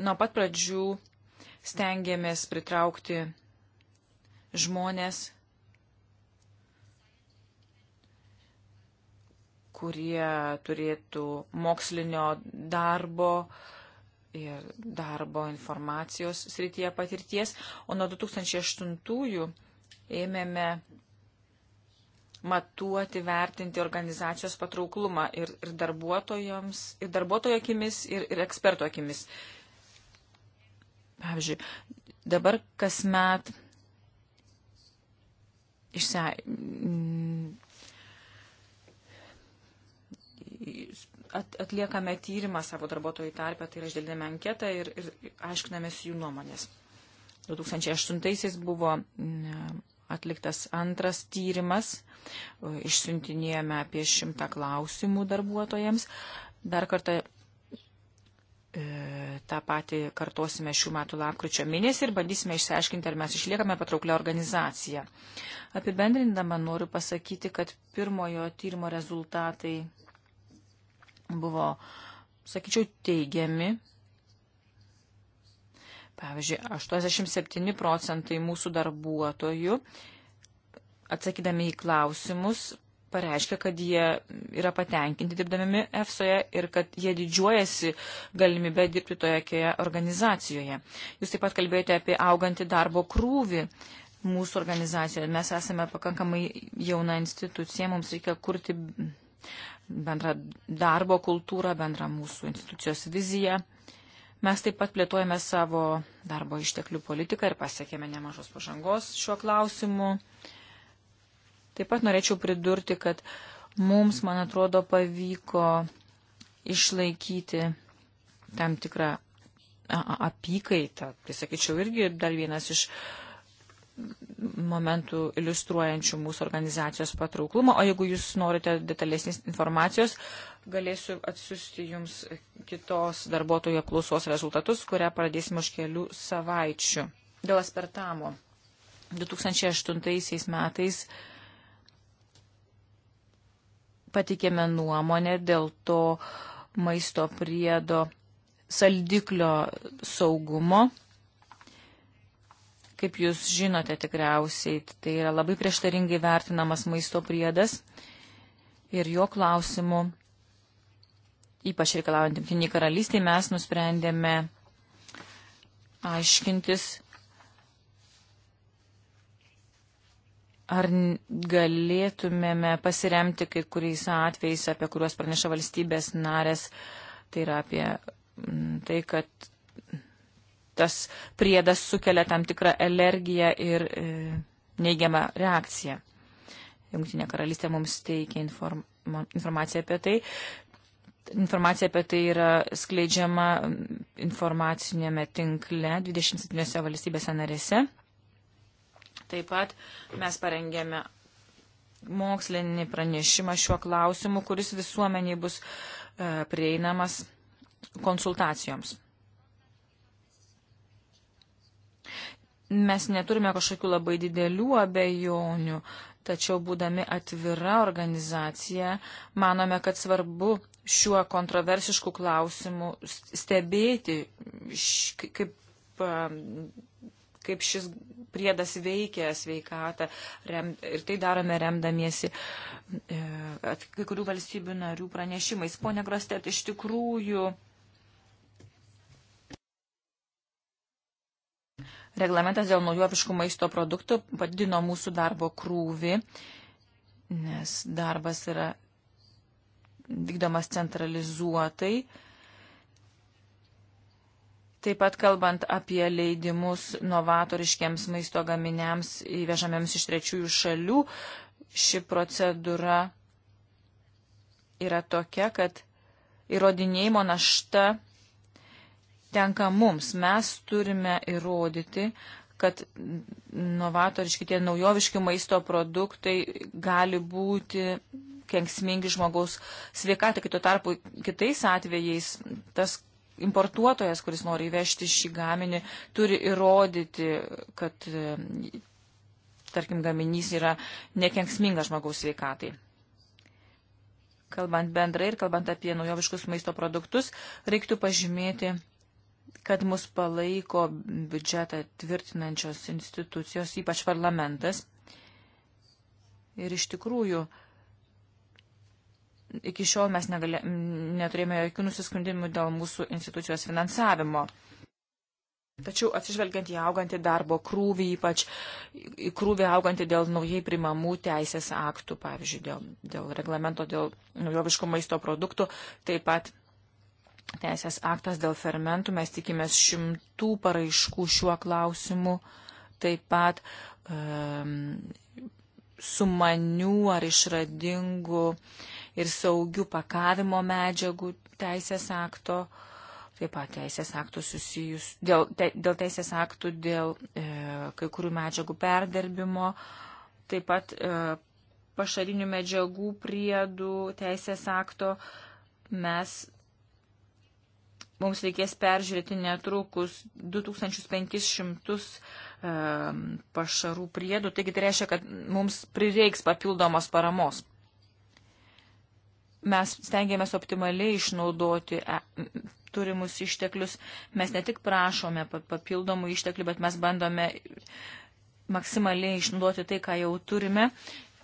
nuo pat pradžių stengiamės pritraukti žmonės, kurie turėtų mokslinio darbo ir darbo informacijos srityje patirties, o nuo 2008-ųjų ėmėme matuoti, vertinti organizacijos patrauklumą ir, ir darbuotojams, ir darbuotojo akimis, ir, ir eksperto akimis. Uh, Pavyzdžiui, dabar kasmet išsia, mm, at, atliekame tyrimą savo darbuotojų tarpę, tai yra išdėlėme anketą ir, ir aiškinamės jų nuomonės. 2008-aisiais buvo mm, atliktas antras tyrimas, išsiuntinėjome apie šimtą klausimų darbuotojams. Dar kartą E, tą patį kartosime šių metų lapkričio mėnesį ir bandysime išsiaiškinti, ar mes išliekame patrauklią organizaciją. Apibendrindama noriu pasakyti, kad pirmojo tyrimo rezultatai buvo, sakyčiau, teigiami. Pavyzdžiui, 87 procentai mūsų darbuotojų atsakydami į klausimus pareiškia, kad jie yra patenkinti dirbdami EFSOje ir kad jie didžiuojasi galimybę dirbti toje organizacijoje. Jūs taip pat kalbėjote apie augantį darbo krūvį mūsų organizacijoje. Mes esame pakankamai jauna institucija, mums reikia kurti bendrą darbo kultūrą, bendrą mūsų institucijos viziją. Mes taip pat plėtojame savo darbo išteklių politiką ir pasiekėme nemažos pažangos šiuo klausimu. Uh, Taip pat norėčiau pridurti, kad mums, man atrodo, pavyko išlaikyti tam tikrą apykaitą. Tai sakyčiau irgi dar vienas iš momentų iliustruojančių mūsų organizacijos patrauklumą. O jeigu jūs norite detalesnės informacijos, galėsiu atsiųsti jums kitos darbuotojų apklausos rezultatus, kurią pradėsime už kelių savaičių. Dėl aspertamo. 2008 metais patikėme nuomonę dėl to maisto priedo saldiklio saugumo. Kaip jūs žinote tikriausiai, tai yra labai prieštaringai vertinamas maisto priedas ir jo klausimu, ypač reikalaujant Junktinį karalystį, mes nusprendėme aiškintis Ar galėtumėme pasiremti kai kuriais atvejais, apie kuriuos praneša valstybės narės, tai yra apie tai, kad tas priedas sukelia tam tikrą alergiją ir e, neigiamą reakciją. Jungtinė karalystė mums teikia inform, informaciją apie tai. Informacija apie tai yra skleidžiama informacinėme tinkle 27 valstybėse narėse. Taip pat mes parengėme mokslinį pranešimą šiuo klausimu, kuris visuomeniai bus e, prieinamas konsultacijoms. Mes neturime kažkokių labai didelių abejonių, tačiau būdami atvira organizacija, manome, kad svarbu šiuo kontroversišku klausimu stebėti, kaip kaip šis priedas veikia sveikatą rem, ir tai darome remdamiesi e, kai kurių valstybių narių pranešimais. Pone Grostet, iš tikrųjų reglamentas dėl naujoviškų maisto produktų padidino mūsų darbo krūvį, nes darbas yra vykdomas centralizuotai. E, Taip pat kalbant apie leidimus novatoriškiams maisto gaminiams įvežamiems iš trečiųjų šalių, ši procedūra yra tokia, kad įrodinėjimo našta tenka mums. Mes turime įrodyti, kad novatoriški tie naujoviški maisto produktai gali būti kenksmingi žmogaus sveikatai. Kitu tarpu kitais atvejais tas importuotojas, kuris nori įvežti šį gaminį, turi įrodyti, kad, e, tarkim, gaminys yra nekenksmingas žmogaus sveikatai. Kalbant bendrai ir kalbant apie naujoviškus maisto produktus, reiktų pažymėti, kad mus palaiko biudžetą tvirtinančios institucijos, ypač parlamentas. Ir iš tikrųjų, iki šiol mes negalė, neturėjome jokių nusiskundimų dėl mūsų institucijos finansavimo. Tačiau atsižvelgiant į augantį darbo krūvį, ypač į krūvį augantį dėl naujai primamų teisės aktų, pavyzdžiui, dėl, dėl reglamento, dėl naujoviškų maisto produktų, taip pat teisės aktas dėl fermentų, mes tikimės šimtų paraiškų šiuo klausimu, taip pat um, sumanių ar išradingų uh, ir saugių pakavimo medžiagų teisės akto, taip pat teisės aktų susijus, dėl, te, dėl teisės aktų, dėl e, kai kurių medžiagų perdarbimo, taip pat e, pašarinių medžiagų priedų teisės akto mes mums reikės peržiūrėti netrukus 2500 e, pašarų priedų, taigi tai reiškia, kad mums prireiks papildomos paramos mes stengiamės optimaliai išnaudoti e, turimus išteklius. Mes ne tik prašome papildomų išteklių, bet mes bandome maksimaliai išnaudoti tai, ką jau turime.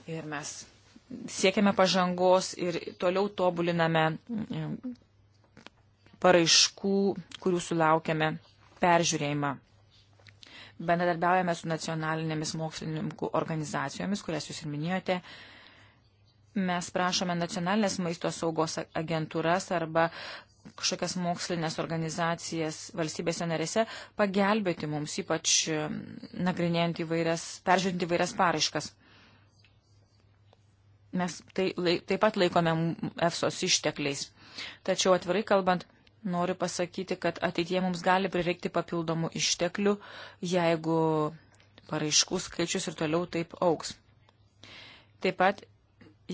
Ir mes siekiame pažangos ir toliau tobuliname paraiškų, kurių sulaukiame peržiūrėjimą. Bendradarbiaujame su nacionalinėmis mokslininkų organizacijomis, kurias jūs ir minėjote. Uh, mes prašome nacionalinės maisto saugos agentūras arba kažkokias mokslinės organizacijas valstybėse narėse pagelbėti mums, ypač um, nagrinėjant įvairias, peržiūrint įvairias paraiškas. Mes tai, laik, taip pat laikome EFSOS ištekliais. Tačiau atvirai kalbant, noriu pasakyti, kad ateitie mums gali prireikti papildomų išteklių, jeigu paraiškų skaičius ir toliau taip auks. Taip pat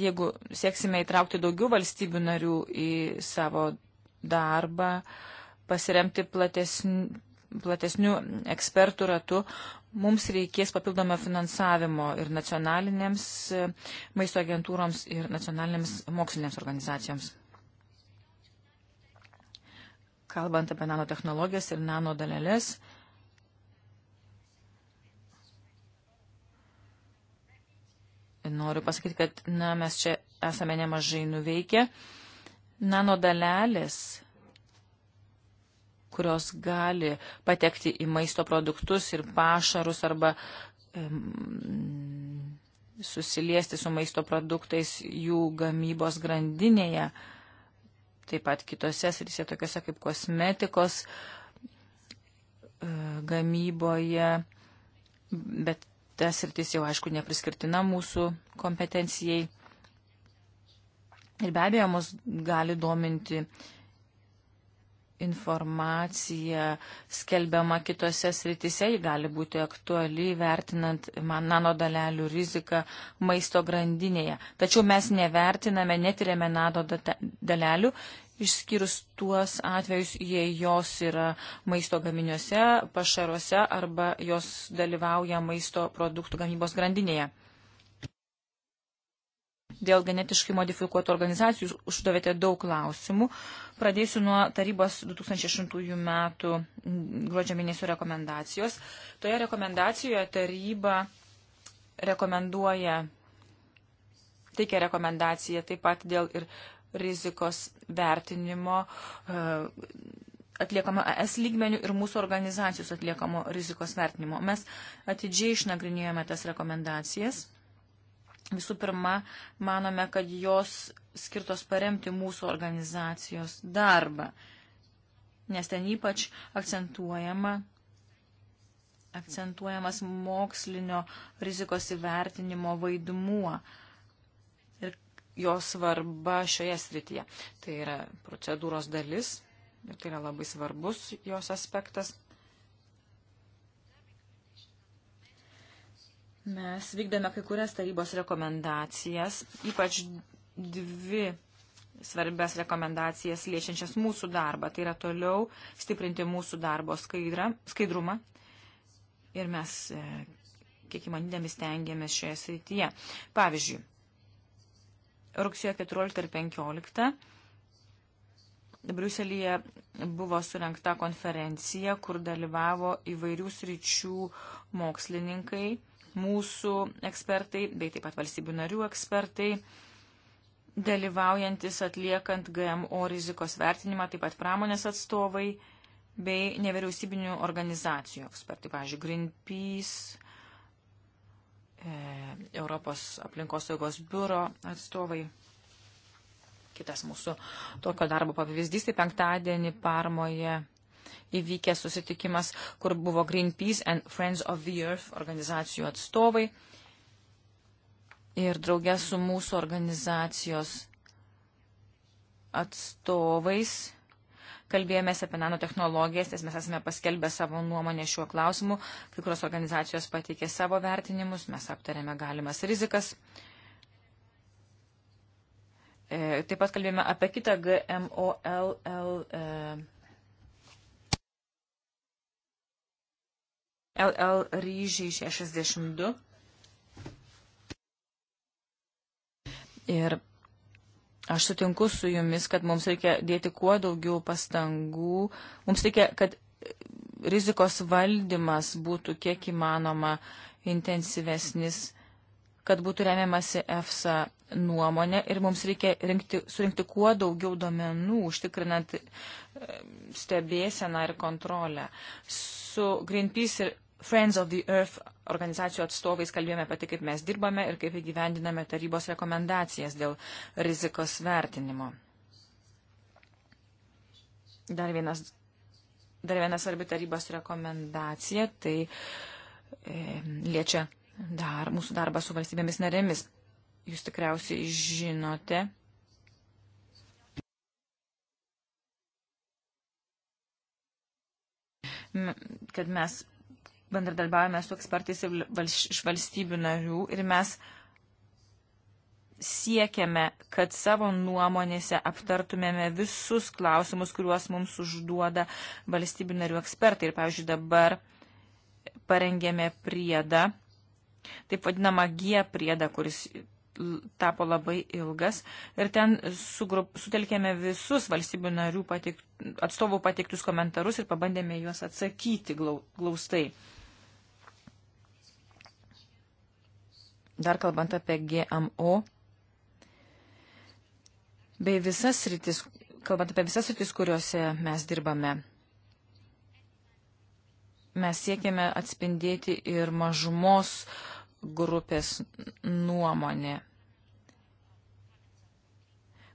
jeigu sieksime įtraukti daugiau valstybių narių į savo darbą, pasiremti platesnių, platesnių ekspertų ratų, mums reikės papildomio finansavimo ir nacionalinėms e, maisto agentūroms ir nacionalinėms mokslinėms organizacijoms. Kalbant apie nanotehnologijas ir nanodalelės, noriu pasakyti, kad na, mes čia esame nemažai nuveikę. Nanodalelės, kurios gali patekti į maisto produktus ir pašarus arba um, susiliesti su maisto produktais jų gamybos grandinėje, taip pat kitose srityse, tokiose kaip kosmetikos uh, gamyboje, bet tas rytis jau aišku nepriskirtina mūsų kompetencijai. Ir be abejo, mus gali dominti informacija skelbiama kitose sritise, ji gali būti aktuali vertinant nanodalelių riziką maisto grandinėje. Tačiau mes nevertiname, netirėme nanodalelių išskyrus tuos atvejus, jei jos yra maisto gaminiuose, pašaruose arba jos dalyvauja maisto produktų gamybos grandinėje. Dėl genetiškai modifikuotų organizacijų uždavėte daug klausimų. Pradėsiu nuo tarybos 2008 metų gruodžio mėnesio rekomendacijos. Toje rekomendacijoje taryba rekomenduoja teikia rekomendaciją taip pat dėl ir rizikos vertinimo e, atliekamo ES lygmenių ir mūsų organizacijos atliekamo rizikos vertinimo. Mes atidžiai išnagrinėjome tas rekomendacijas. Visų pirma, manome, kad jos skirtos paremti mūsų organizacijos darbą, nes ten ypač akcentuojama akcentuojamas mokslinio rizikos įvertinimo vaidmuo. Uh, jo svarba šioje srityje. Tai yra procedūros dalis ir tai yra labai svarbus jos aspektas. Mes vykdome kai kurias tarybos rekomendacijas, ypač dvi svarbias rekomendacijas liečiančias mūsų darbą. Tai yra toliau stiprinti mūsų darbo skaidrą, skaidrumą ir mes e, kiek įmanydami stengiamės šioje srityje. Pavyzdžiui, rugsėjo 14 ir 15. Briuselėje buvo surinkta konferencija, kur dalyvavo įvairių sričių mokslininkai, mūsų ekspertai, bei taip pat valstybių narių ekspertai, dalyvaujantis atliekant GMO rizikos vertinimą, taip pat pramonės atstovai bei nevyriausybinių organizacijų ekspertai, pavyzdžiui, Greenpeace, E, Europos aplinkosaugos biuro atstovai. Kitas mūsų tokio darbo pavyzdys, tai penktadienį Parmoje įvykė susitikimas, kur buvo Greenpeace and Friends of the Earth organizacijų atstovai. Ir draugė su mūsų organizacijos atstovais kalbėjomės apie nanotehnologijas, nes mes esame paskelbę savo nuomonę šiuo klausimu, kai kurios organizacijos pateikė savo vertinimus, mes aptarėme galimas rizikas. E, taip pat kalbėjome apie kitą GMOLL. E, LL ryžiai 62. Ir Aš sutinku su jumis, kad mums reikia dėti kuo daugiau pastangų. Mums reikia, kad rizikos valdymas būtų kiek įmanoma intensyvesnis, kad būtų remiamasi EFSA nuomonė ir mums reikia rinkti, surinkti kuo daugiau domenų, užtikrinant e, stebėseną ir kontrolę. Su Greenpeace ir Friends of the Earth organizacijų atstovais kalbėjome apie tai, kaip mes dirbame ir kaip įgyvendiname tarybos rekomendacijas dėl rizikos vertinimo. Dar, vienas, dar viena svarbi tarybos rekomendacija, tai e, liečia dar, mūsų darbą su valstybėmis narėmis. Jūs tikriausiai žinote, kad mes bendradarbiavame su ekspertais iš valstybių narių ir mes siekiame, kad savo nuomonėse aptartumėme visus klausimus, kuriuos mums užduoda valstybių narių ekspertai. Ir, pavyzdžiui, dabar parengėme priedą, taip vadinamą G priedą, kuris tapo labai ilgas ir ten sugrup, sutelkėme visus valstybių narių patik, atstovų patiktus komentarus ir pabandėme juos atsakyti glaustai. Glau dar kalbant apie GMO, bei visas rytis, kalbant apie visas rytis, kuriuose mes dirbame, mes siekiame atspindėti ir mažumos grupės nuomonė.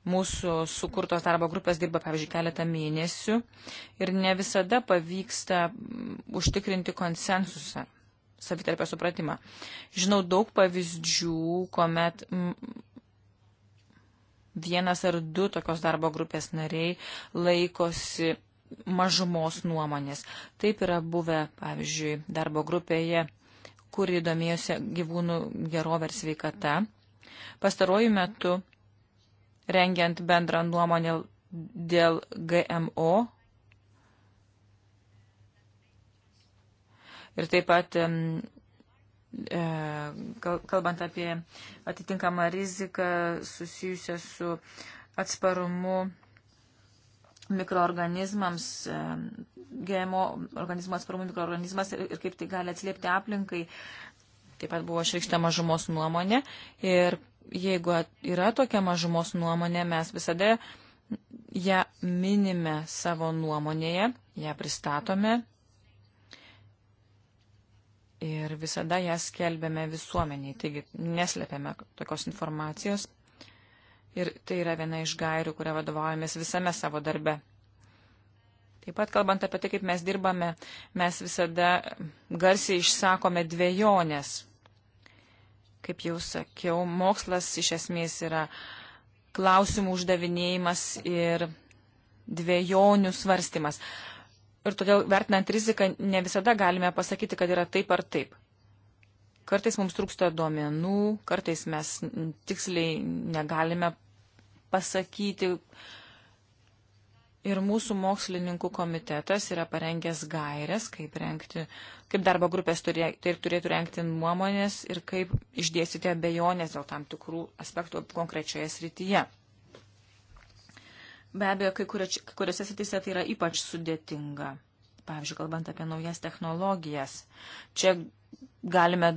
Mūsų sukurtos darbo grupės dirba, pavyzdžiui, keletą mėnesių ir ne visada pavyksta užtikrinti konsensusą savitarpio supratimą. Žinau daug pavyzdžių, kuomet vienas ar du tokios darbo grupės nariai laikosi mažumos nuomonės. Taip yra buvę, pavyzdžiui, darbo grupėje, kuri domėjosi gyvūnų gerovė ir sveikata. Pastaruoju metu, rengiant bendrą nuomonę dėl GMO, Ir taip pat, e, kalbant apie atitinkamą riziką susijusią su atsparumu mikroorganizmams, GMO organizmo atsparumų mikroorganizmas ir kaip tai gali atsiliepti aplinkai. Taip pat buvo išreikšta mažumos nuomonė ir jeigu yra tokia mažumos nuomonė, mes visada ją minime savo nuomonėje, ją pristatome ir visada ją skelbėme visuomeniai, taigi neslėpėme tokios informacijos. Ir tai yra viena iš gairių, kurią vadovaujamės visame savo darbe. Taip pat kalbant apie tai, kaip mes dirbame, mes visada garsiai išsakome dviejonės. Kaip jau sakiau, mokslas iš esmės yra klausimų uždavinėjimas ir dviejonių svarstymas. Ir todėl vertinant riziką ne visada galime pasakyti, kad yra taip ar taip. Kartais mums trūksta duomenų, kartais mes tiksliai negalime pasakyti. Ir mūsų mokslininkų komitetas yra parengęs gairias, kaip, rengti, kaip darbo grupės turė, tai turėtų rengti nuomonės ir kaip išdėstyti abejonės dėl tam tikrų aspektų konkrečioje srityje. Be abejo, kai kuriuose sitise tai yra ypač sudėtinga. Pavyzdžiui, kalbant apie naujas technologijas. Čia galime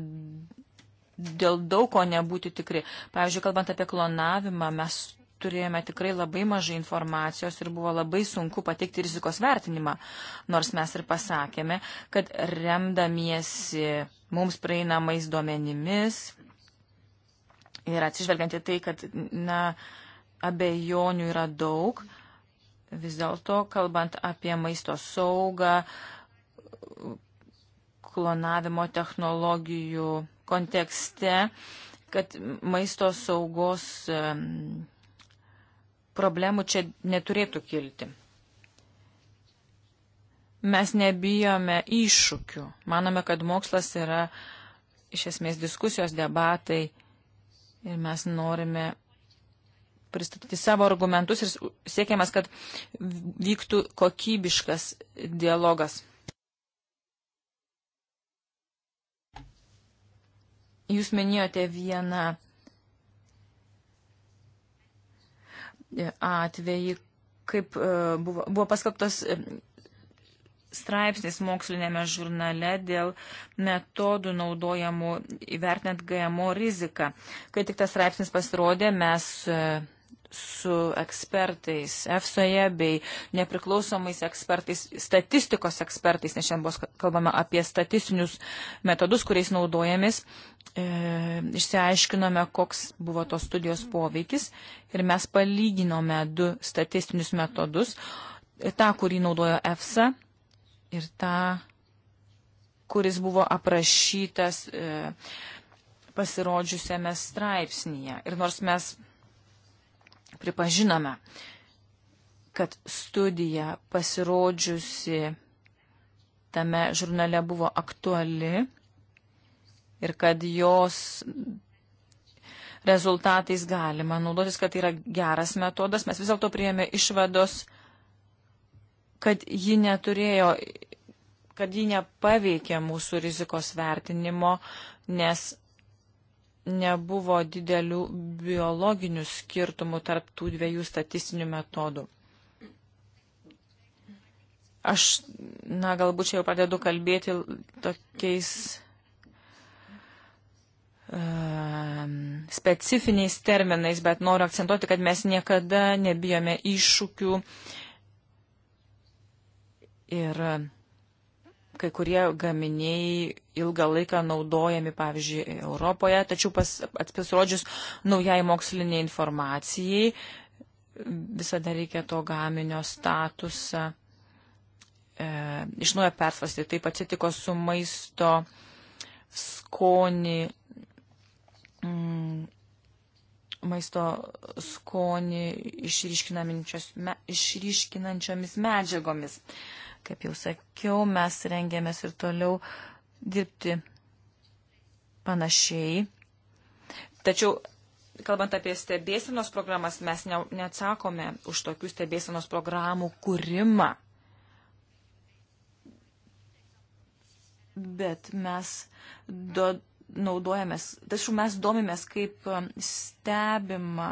dėl daug ko nebūti tikri. Pavyzdžiui, kalbant apie klonavimą, mes turėjome tikrai labai mažai informacijos ir buvo labai sunku pateikti rizikos vertinimą, nors mes ir pasakėme, kad remdamiesi mums prieinamais duomenimis ir atsižvelgiant į tai, kad na, abejonių yra daug. Vis dėlto, kalbant apie maisto saugą, klonavimo technologijų kontekste, kad maisto saugos problemų čia neturėtų kilti. Mes nebijome iššūkių. Manome, kad mokslas yra iš esmės diskusijos, debatai ir mes norime pristatyti savo argumentus ir siekiamas, kad vyktų kokybiškas dialogas. Jūs minėjote vieną atvejį, kaip e, buvo, buvo paskelbtas straipsnis mokslinėme žurnale dėl metodų naudojamų įvertinant GMO riziką. Kai tik tas straipsnis pasirodė, mes e, su ekspertais, EFSOje bei nepriklausomais ekspertais, statistikos ekspertais, nes šiandien bus kalbama apie statistinius metodus, kuriais naudojamės. E, išsiaiškinome, koks buvo tos studijos poveikis ir mes palyginome du statistinius metodus, e, tą, kurį naudojo EFSA ir tą, kuris buvo aprašytas e, pasirodžiusiame straipsnėje. Ir nors mes pripažinome, kad studija pasirodžiusi tame žurnale buvo aktuali ir kad jos rezultatais galima naudotis, kad tai yra geras metodas. Mes vis dėlto priėmė išvados, kad ji neturėjo, kad ji nepaveikė mūsų rizikos vertinimo, nes nebuvo didelių biologinių skirtumų tarp tų dviejų statistinių metodų. Aš, na, galbūt čia jau pradedu kalbėti tokiais uh, specifiniais terminais, bet noriu akcentuoti, kad mes niekada nebijome iššūkių ir uh, kai kurie gaminiai ilgą laiką naudojami, pavyzdžiui, Europoje, tačiau atspisirodžius naujai moksliniai informacijai visada reikia to gaminio statusą e, iš naujo persvasti. Taip atsitiko su maisto skonį. Mm, maisto skonį išryškinančiomis medžiagomis. E, Kaip jau sakiau, mes rengiamės ir toliau dirbti panašiai. Tačiau, kalbant apie stebėsinos programas, mes ne, neatsakome už tokių stebėsinos programų kūrimą. Bet mes do, naudojamės, tačiau mes domimės, kaip um, stebima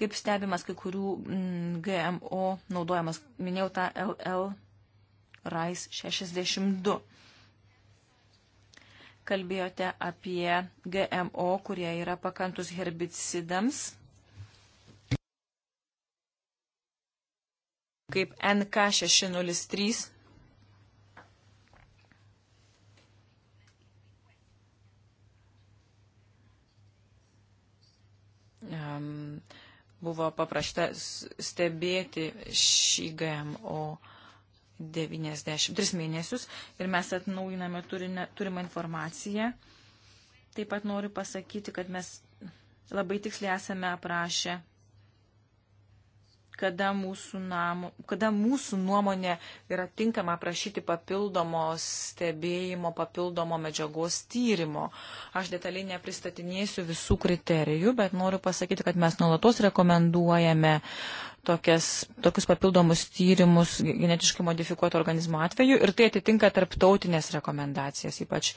kaip stebimas kai kurių mm, GMO naudojamas, minėjau tą LL RAIS 62. Kalbėjote apie GMO, kurie yra pakantus herbicidams, kaip NK603. Um, buvo paprašta stebėti šį GMO. 93 mėnesius ir mes atnaujiname turinę, turimą informaciją. Taip pat noriu pasakyti, kad mes labai tiksliai esame aprašę kada mūsų, namo, kada mūsų nuomonė yra tinkama prašyti papildomo stebėjimo, papildomo medžiagos tyrimo. Aš detaliai nepristatinėsiu visų kriterijų, bet noriu pasakyti, kad mes nuolatos rekomenduojame tokias, tokius papildomus tyrimus genetiškai modifikuoto organizmo atveju ir tai atitinka tarptautinės rekomendacijas, ypač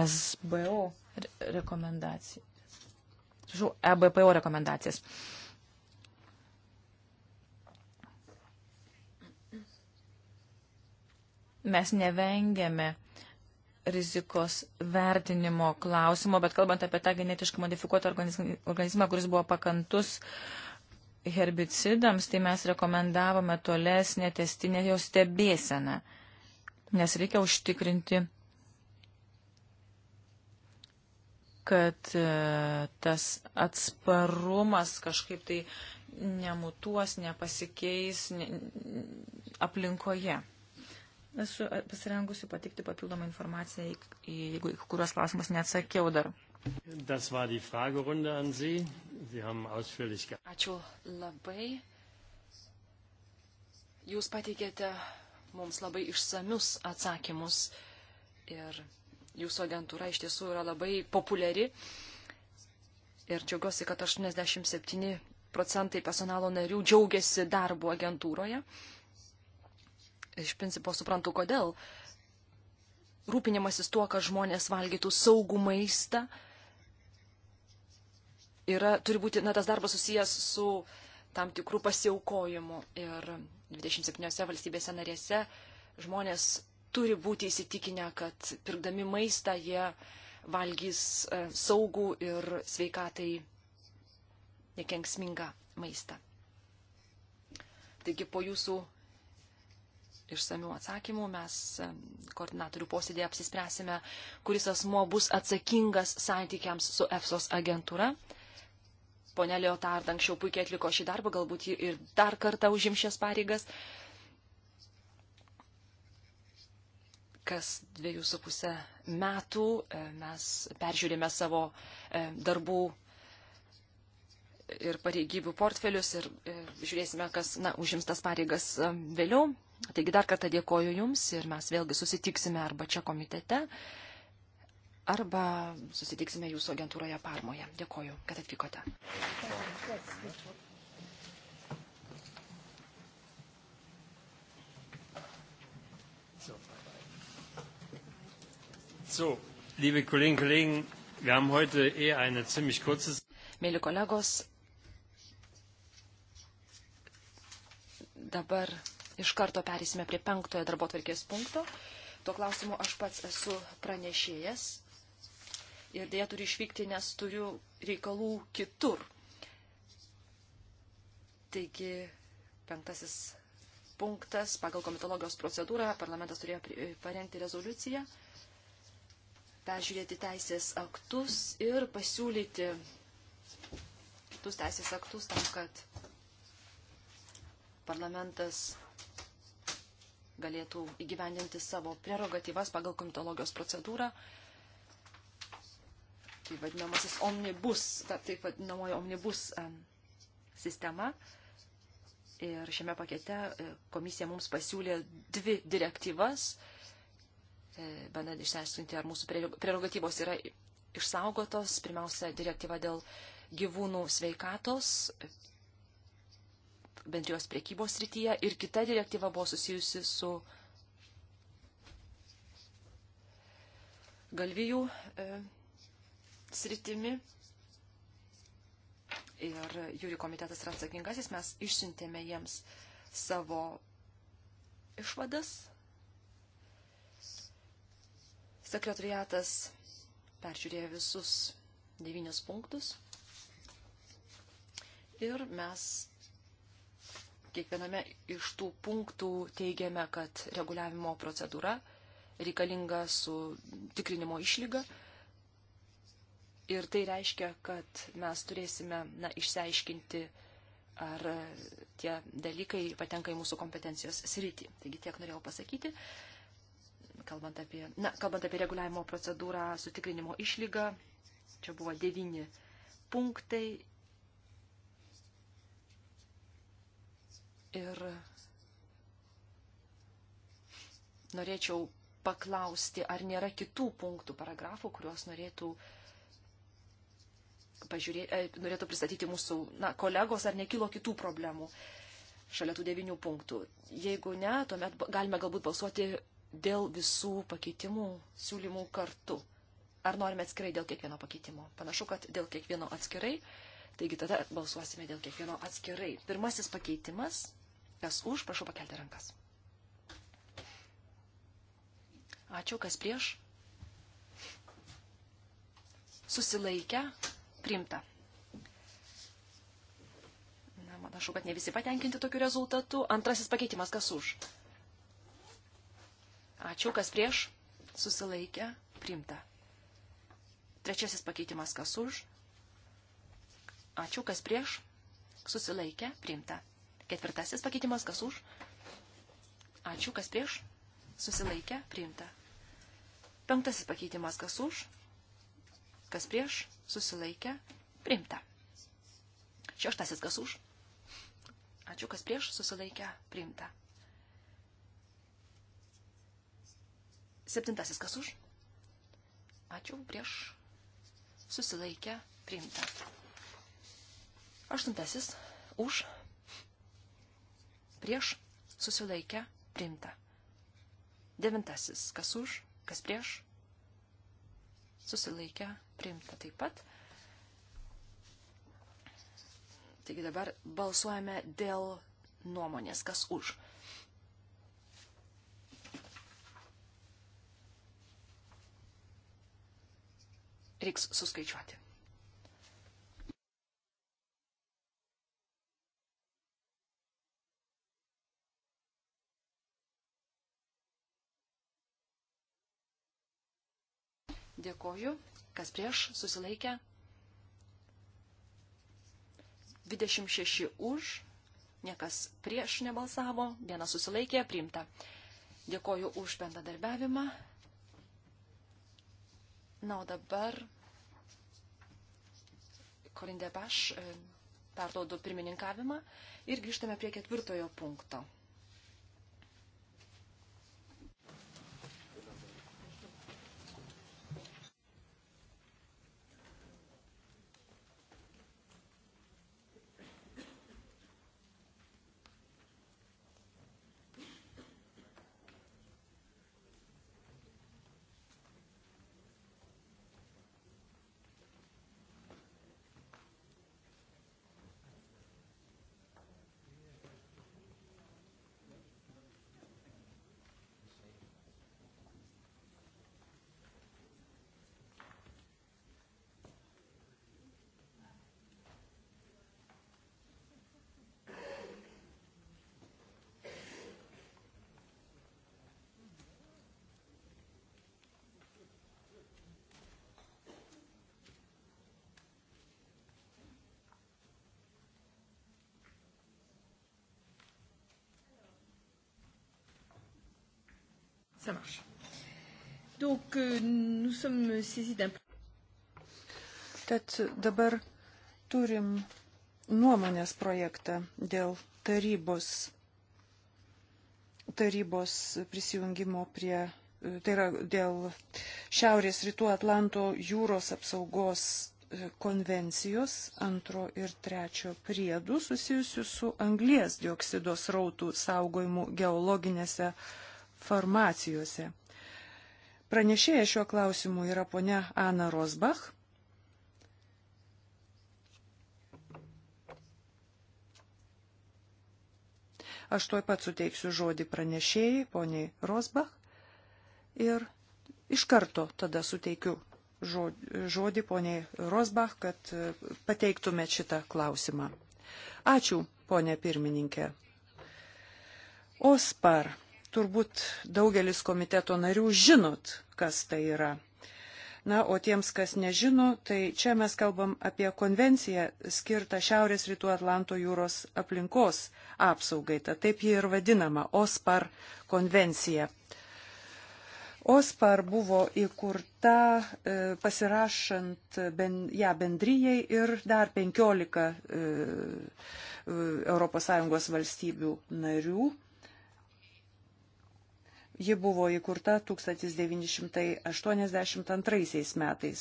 ESBO e rekomendacijas. Žinau, EBPO rekomendacijas. Uh, Mes nevengiame rizikos vertinimo klausimo, bet kalbant apie tą genetiškai modifikuotą organizmą, kuris buvo pakantus herbicidams, tai mes rekomendavome tolesnę testinę jo stebėseną, nes reikia užtikrinti, kad e, tas atsparumas kažkaip tai nemutuos, nepasikeis aplinkoje. Esu pasirengusi patikti papildomą informaciją, jeigu kuriuos klausimus neatsakiau dar. Das war die Fragerunde an Sie. Sie haben ausführlich. Ačiū labai. Jūs pateikėte mums labai išsamius atsakymus ir jūsų agentūra iš tiesų yra labai populiari. Ir džiaugiuosi, kad 87 procentai personalo narių džiaugiasi darbu agentūroje iš principo suprantu, kodėl. Rūpinimasis tuo, kad žmonės valgytų saugų maistą, yra, turi būti, na, tas darbas susijęs su tam tikrų pasiaukojimų. Ir 27 valstybėse narėse žmonės turi būti įsitikinę, kad pirkdami maistą jie valgys e, saugų ir sveikatai nekenksmingą maistą. Taigi po jūsų išsamių atsakymų. Mes koordinatorių posėdėje apsispręsime, kuris asmo bus atsakingas santykiams su EFSOS agentūra. Pone Leotard anksčiau puikiai atliko šį darbą, galbūt ji ir dar kartą užim šias pareigas. Kas dviejų su pusę metų e, mes peržiūrime savo e, darbų ir pareigybių portfelius ir žiūrėsime, kas na, užims tas pareigas um, vėliau. Taigi dar kartą dėkoju Jums ir mes vėlgi susitiksime arba čia komitete, arba susitiksime Jūsų agentūroje Parmoje. Dėkoju, kad atvykote. So, liebe Kolleginnen und Kollegen, wir haben heute eher eine ziemlich kurze Mėly kolegos, Dabar iš karto perėsime prie penktojo darbo tvarkės punkto. Tuo klausimu aš pats esu pranešėjas ir dėja turiu išvykti, nes turiu reikalų kitur. Taigi penktasis punktas pagal komitologijos procedūrą parlamentas turėjo parengti rezoliuciją, peržiūrėti teisės aktus ir pasiūlyti kitus teisės aktus tam, kad parlamentas galėtų įgyvendinti savo prerogatyvas pagal komitologijos procedūrą. Tai vadinamasis omnibus, ta, taip vadinamoji omnibus sistema. Ir šiame pakete e, komisija mums pasiūlė dvi direktyvas, e, bandant išsiaiškinti, ar mūsų prerogatyvos yra išsaugotos. Pirmiausia, direktyva dėl gyvūnų sveikatos, bendrijos priekybos srityje ir kita direktyva buvo susijusi su galvijų e, sritimi. Ir jūri komitetas yra atsakingasis, mes išsiuntėme jiems savo išvadas. Sekretariatas peržiūrėjo visus devynis punktus. Ir mes kiekviename iš tų punktų teigiame, kad reguliavimo procedūra reikalinga su tikrinimo išlyga. Ir tai reiškia, kad mes turėsime na, išsiaiškinti, ar tie dalykai patenka į mūsų kompetencijos sritį. Taigi tiek norėjau pasakyti kalbant apie, na, kalbant apie reguliavimo procedūrą su tikrinimo išlyga, čia buvo devyni punktai Ir norėčiau paklausti, ar nėra kitų punktų, paragrafų, kuriuos norėtų, pažiūrėti, e, norėtų pristatyti mūsų na, kolegos, ar nekilo kitų problemų šalia tų devinių punktų. Jeigu ne, tuomet galime galbūt balsuoti dėl visų pakeitimų siūlymų kartu. Ar norime atskirai dėl kiekvieno pakeitimo? Panašu, kad dėl kiekvieno atskirai. Taigi tada balsuosime dėl kiekvieno atskirai. Pirmasis pakeitimas Kas už, prašau pakelti rankas. Ačiū, kas prieš. Susilaikę, primta. Na, manašu, kad ne visi patenkinti tokiu rezultatu. Antrasis pakeitimas, kas už. Ačiū, kas prieš. Susilaikę, primta. Trečiasis pakeitimas, kas už. Ačiū, kas prieš. Susilaikę, primta. Ketvirtasis pakeitimas, kas už. Ačiū, kas prieš. Susilaikę, priimta. Penktasis pakeitimas, kas už. Kas prieš, susilaikę, priimta. Šeštasis, kas už. Ačiū, kas prieš, susilaikę, priimta. Septintasis, kas už. Ačiū, prieš, susilaikę, priimta. Aštuntasis, už, prieš, susilaikę, priimta. Devintasis, kas už, kas prieš, susilaikę, priimta taip pat. Taigi dabar balsuojame dėl nuomonės, kas už. Reiks suskaičiuoti. Dėkoju. Kas prieš? Susilaikę. 26 už. Niekas prieš nebalsavo. Viena susilaikė. Priimta. Dėkoju už bendradarbiavimą. Na, o dabar Korindė Baš e, perduodu pirmininkavimą ir grįžtame prie ketvirtojo punkto. Ça marche. Donc, euh, nous sommes saisis d'un. Tad dabar turim nuomonės projektą dėl tarybos, tarybos prisijungimo prie, tai yra dėl Šiaurės rytų Atlanto jūros apsaugos e, konvencijos antro ir trečio priedų susijusių su anglies dioksido srautų saugojimu geologinėse farmacijose. Pranešėja šiuo klausimu yra ponia Ana Rosbach. Aš tuoj pat suteiksiu žodį pranešėjai, poniai Rosbach, ir iš karto tada suteikiu žodį poniai Rosbach, kad e, pateiktumėt šitą klausimą. Ačiū, ponė pirmininkė. OSPAR turbūt daugelis komiteto narių žinot, kas tai yra. Na, o tiems, kas nežino, tai čia mes kalbam apie konvenciją skirtą Šiaurės rytų Atlanto jūros aplinkos apsaugai. Ta taip ji ir vadinama - OSPAR konvencija. OSPAR buvo įkurta e, pasirašant ben, ją ja, bendryjai ir dar 15 ES e, valstybių narių Ji buvo įkurta 1982 metais.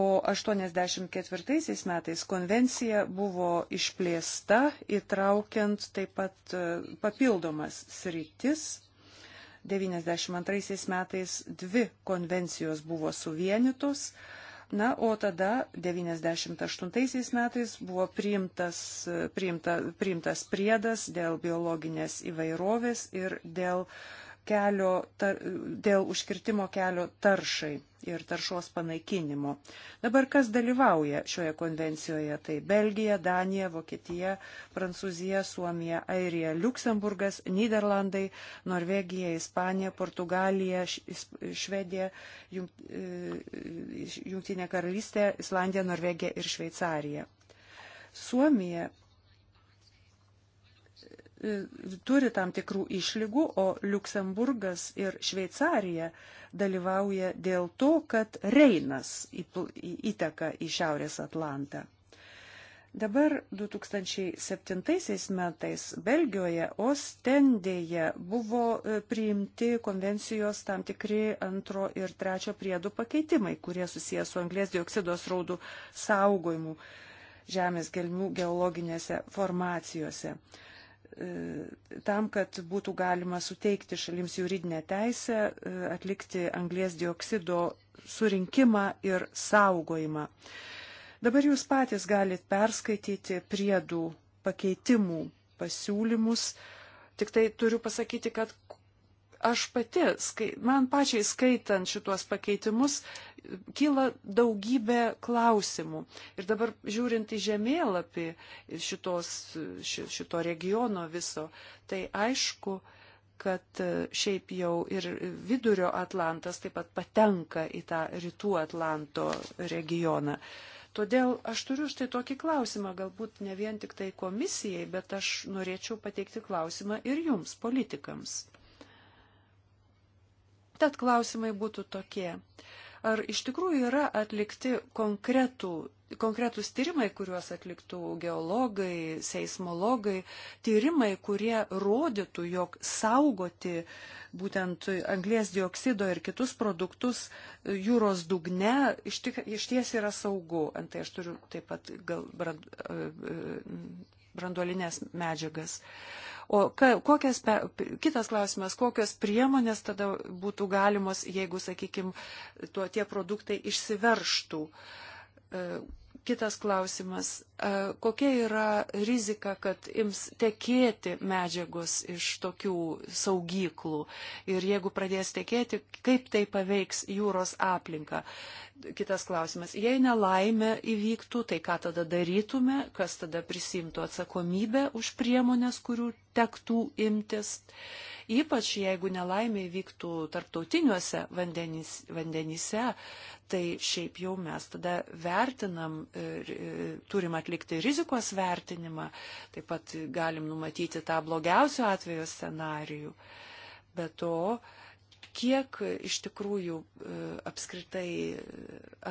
O 84 metais konvencija buvo išplėsta, įtraukiant taip pat e, papildomas sritis 1992 metais dvi konvencijos buvo suvienytos, Na, o tada 98 metais buvo priimtas, priimta, priimtas priedas dėl biologinės įvairovės ir dėl uh, kelio, tar, dėl užkirtimo kelio taršai ir taršos panaikinimo. Dabar kas dalyvauja šioje konvencijoje? Tai Belgija, Danija, Vokietija, Prancūzija, Suomija, Airija, Luksemburgas, Niderlandai, Norvegija, Ispanija, Portugalija, Švedija, e, Jungtinė karalystė, Islandija, Norvegija ir Šveicarija. Suomija E, turi tam tikrų išlygų, o Luksemburgas ir Šveicarija dalyvauja dėl to, kad Reinas įteka į Šiaurės Atlantą. Dabar 2007 metais Belgijoje Ostendėje buvo e, priimti konvencijos tam tikri antro ir trečio priedų pakeitimai, kurie susijęs su anglės dioksido sraudų saugojimu žemės gelmių geologinėse formacijose. E, tam, kad būtų galima suteikti šalims juridinę teisę e, atlikti anglės dioksido surinkimą ir saugojimą. Dabar jūs patys galite perskaityti priedų pakeitimų pasiūlymus. Tik tai turiu pasakyti, kad Aš pati, skai, man pačiai skaitant šituos pakeitimus, kyla daugybė klausimų. Ir dabar žiūrint į žemėlapį šitos, ši, šito regiono viso, tai aišku, kad šiaip jau ir vidurio Atlantas taip pat patenka į tą rytų Atlanto regioną. Todėl aš turiu štai tokį klausimą, galbūt ne vien tik tai komisijai, bet aš norėčiau pateikti klausimą ir jums, politikams. Tad klausimai būtų tokie. Ar iš tikrųjų yra atlikti konkretų, konkretus tyrimai, kuriuos atliktų geologai, seismologai, tyrimai, kurie rodytų, jog saugoti būtent anglės dioksido ir kitus produktus jūros dugne iš, tik, iš ties yra saugu. Antai aš turiu taip pat gal brand, e, e, branduolinės medžiagas. Uh, O ka, kokias, kitas klausimas, kokios priemonės tada būtų galimos, jeigu, sakykime, tie produktai išsiverštų. E, kitas klausimas, E, kokia yra rizika, kad ims tekėti medžiagos iš tokių saugyklų ir jeigu pradės tekėti, kaip tai paveiks jūros aplinką. Kitas klausimas, jei nelaimė įvyktų, tai ką tada darytume, kas tada prisimtų atsakomybę už priemonės, kurių tektų imtis, ypač jeigu nelaimė įvyktų tarptautiniuose vandenys, vandenyse, tai šiaip jau mes tada vertinam, turim atlikti atlikti rizikos vertinimą, taip pat galim numatyti tą blogiausio atvejo scenarijų. Be to, kiek iš tikrųjų e, apskritai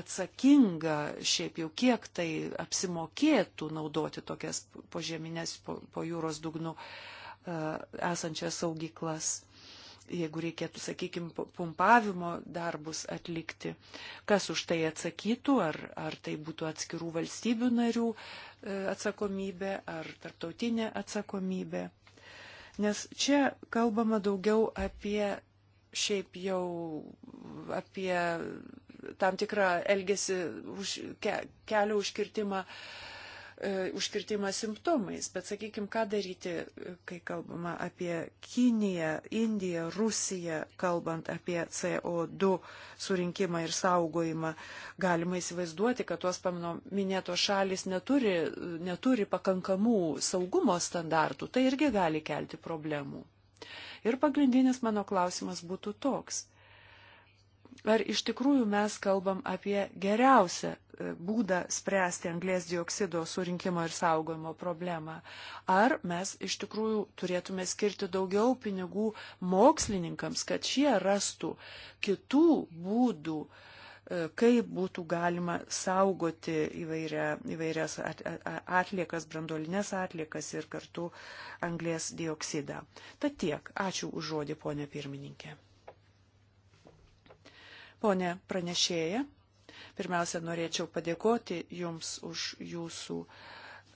atsakinga, šiaip jau kiek tai apsimokėtų naudoti tokias požeminės po, po jūros dugnu e, esančias saugyklas jeigu reikėtų, sakykime, pumpavimo darbus atlikti, kas už tai atsakytų, ar, ar tai būtų atskirų valstybių narių e, atsakomybė, ar tarptautinė atsakomybė. Nes čia kalbama daugiau apie šiaip jau apie tam tikrą elgesį už ke, kelio užkirtimą uh, E, užkirtimą simptomais. Bet sakykime, ką daryti, e, kai kalbama apie Kiniją, Indiją, Rusiją, kalbant apie CO2 surinkimą ir saugojimą, galima įsivaizduoti, kad tuos pamino minėtos šalis neturi, neturi pakankamų saugumo standartų. Tai irgi gali kelti problemų. Ir pagrindinis mano klausimas būtų toks ar iš tikrųjų mes kalbam apie geriausią e, būdą spręsti anglės dioksido surinkimo ir saugojimo problemą. Ar mes iš tikrųjų turėtume skirti daugiau pinigų mokslininkams, kad šie rastų kitų būdų, e, kaip būtų galima saugoti įvairia, įvairias atliekas, brandolinės atliekas ir kartu anglės dioksidą. Tad tiek. Ačiū už žodį, ponė pirmininkė. Pone pranešėja, pirmiausia, norėčiau padėkoti Jums už Jūsų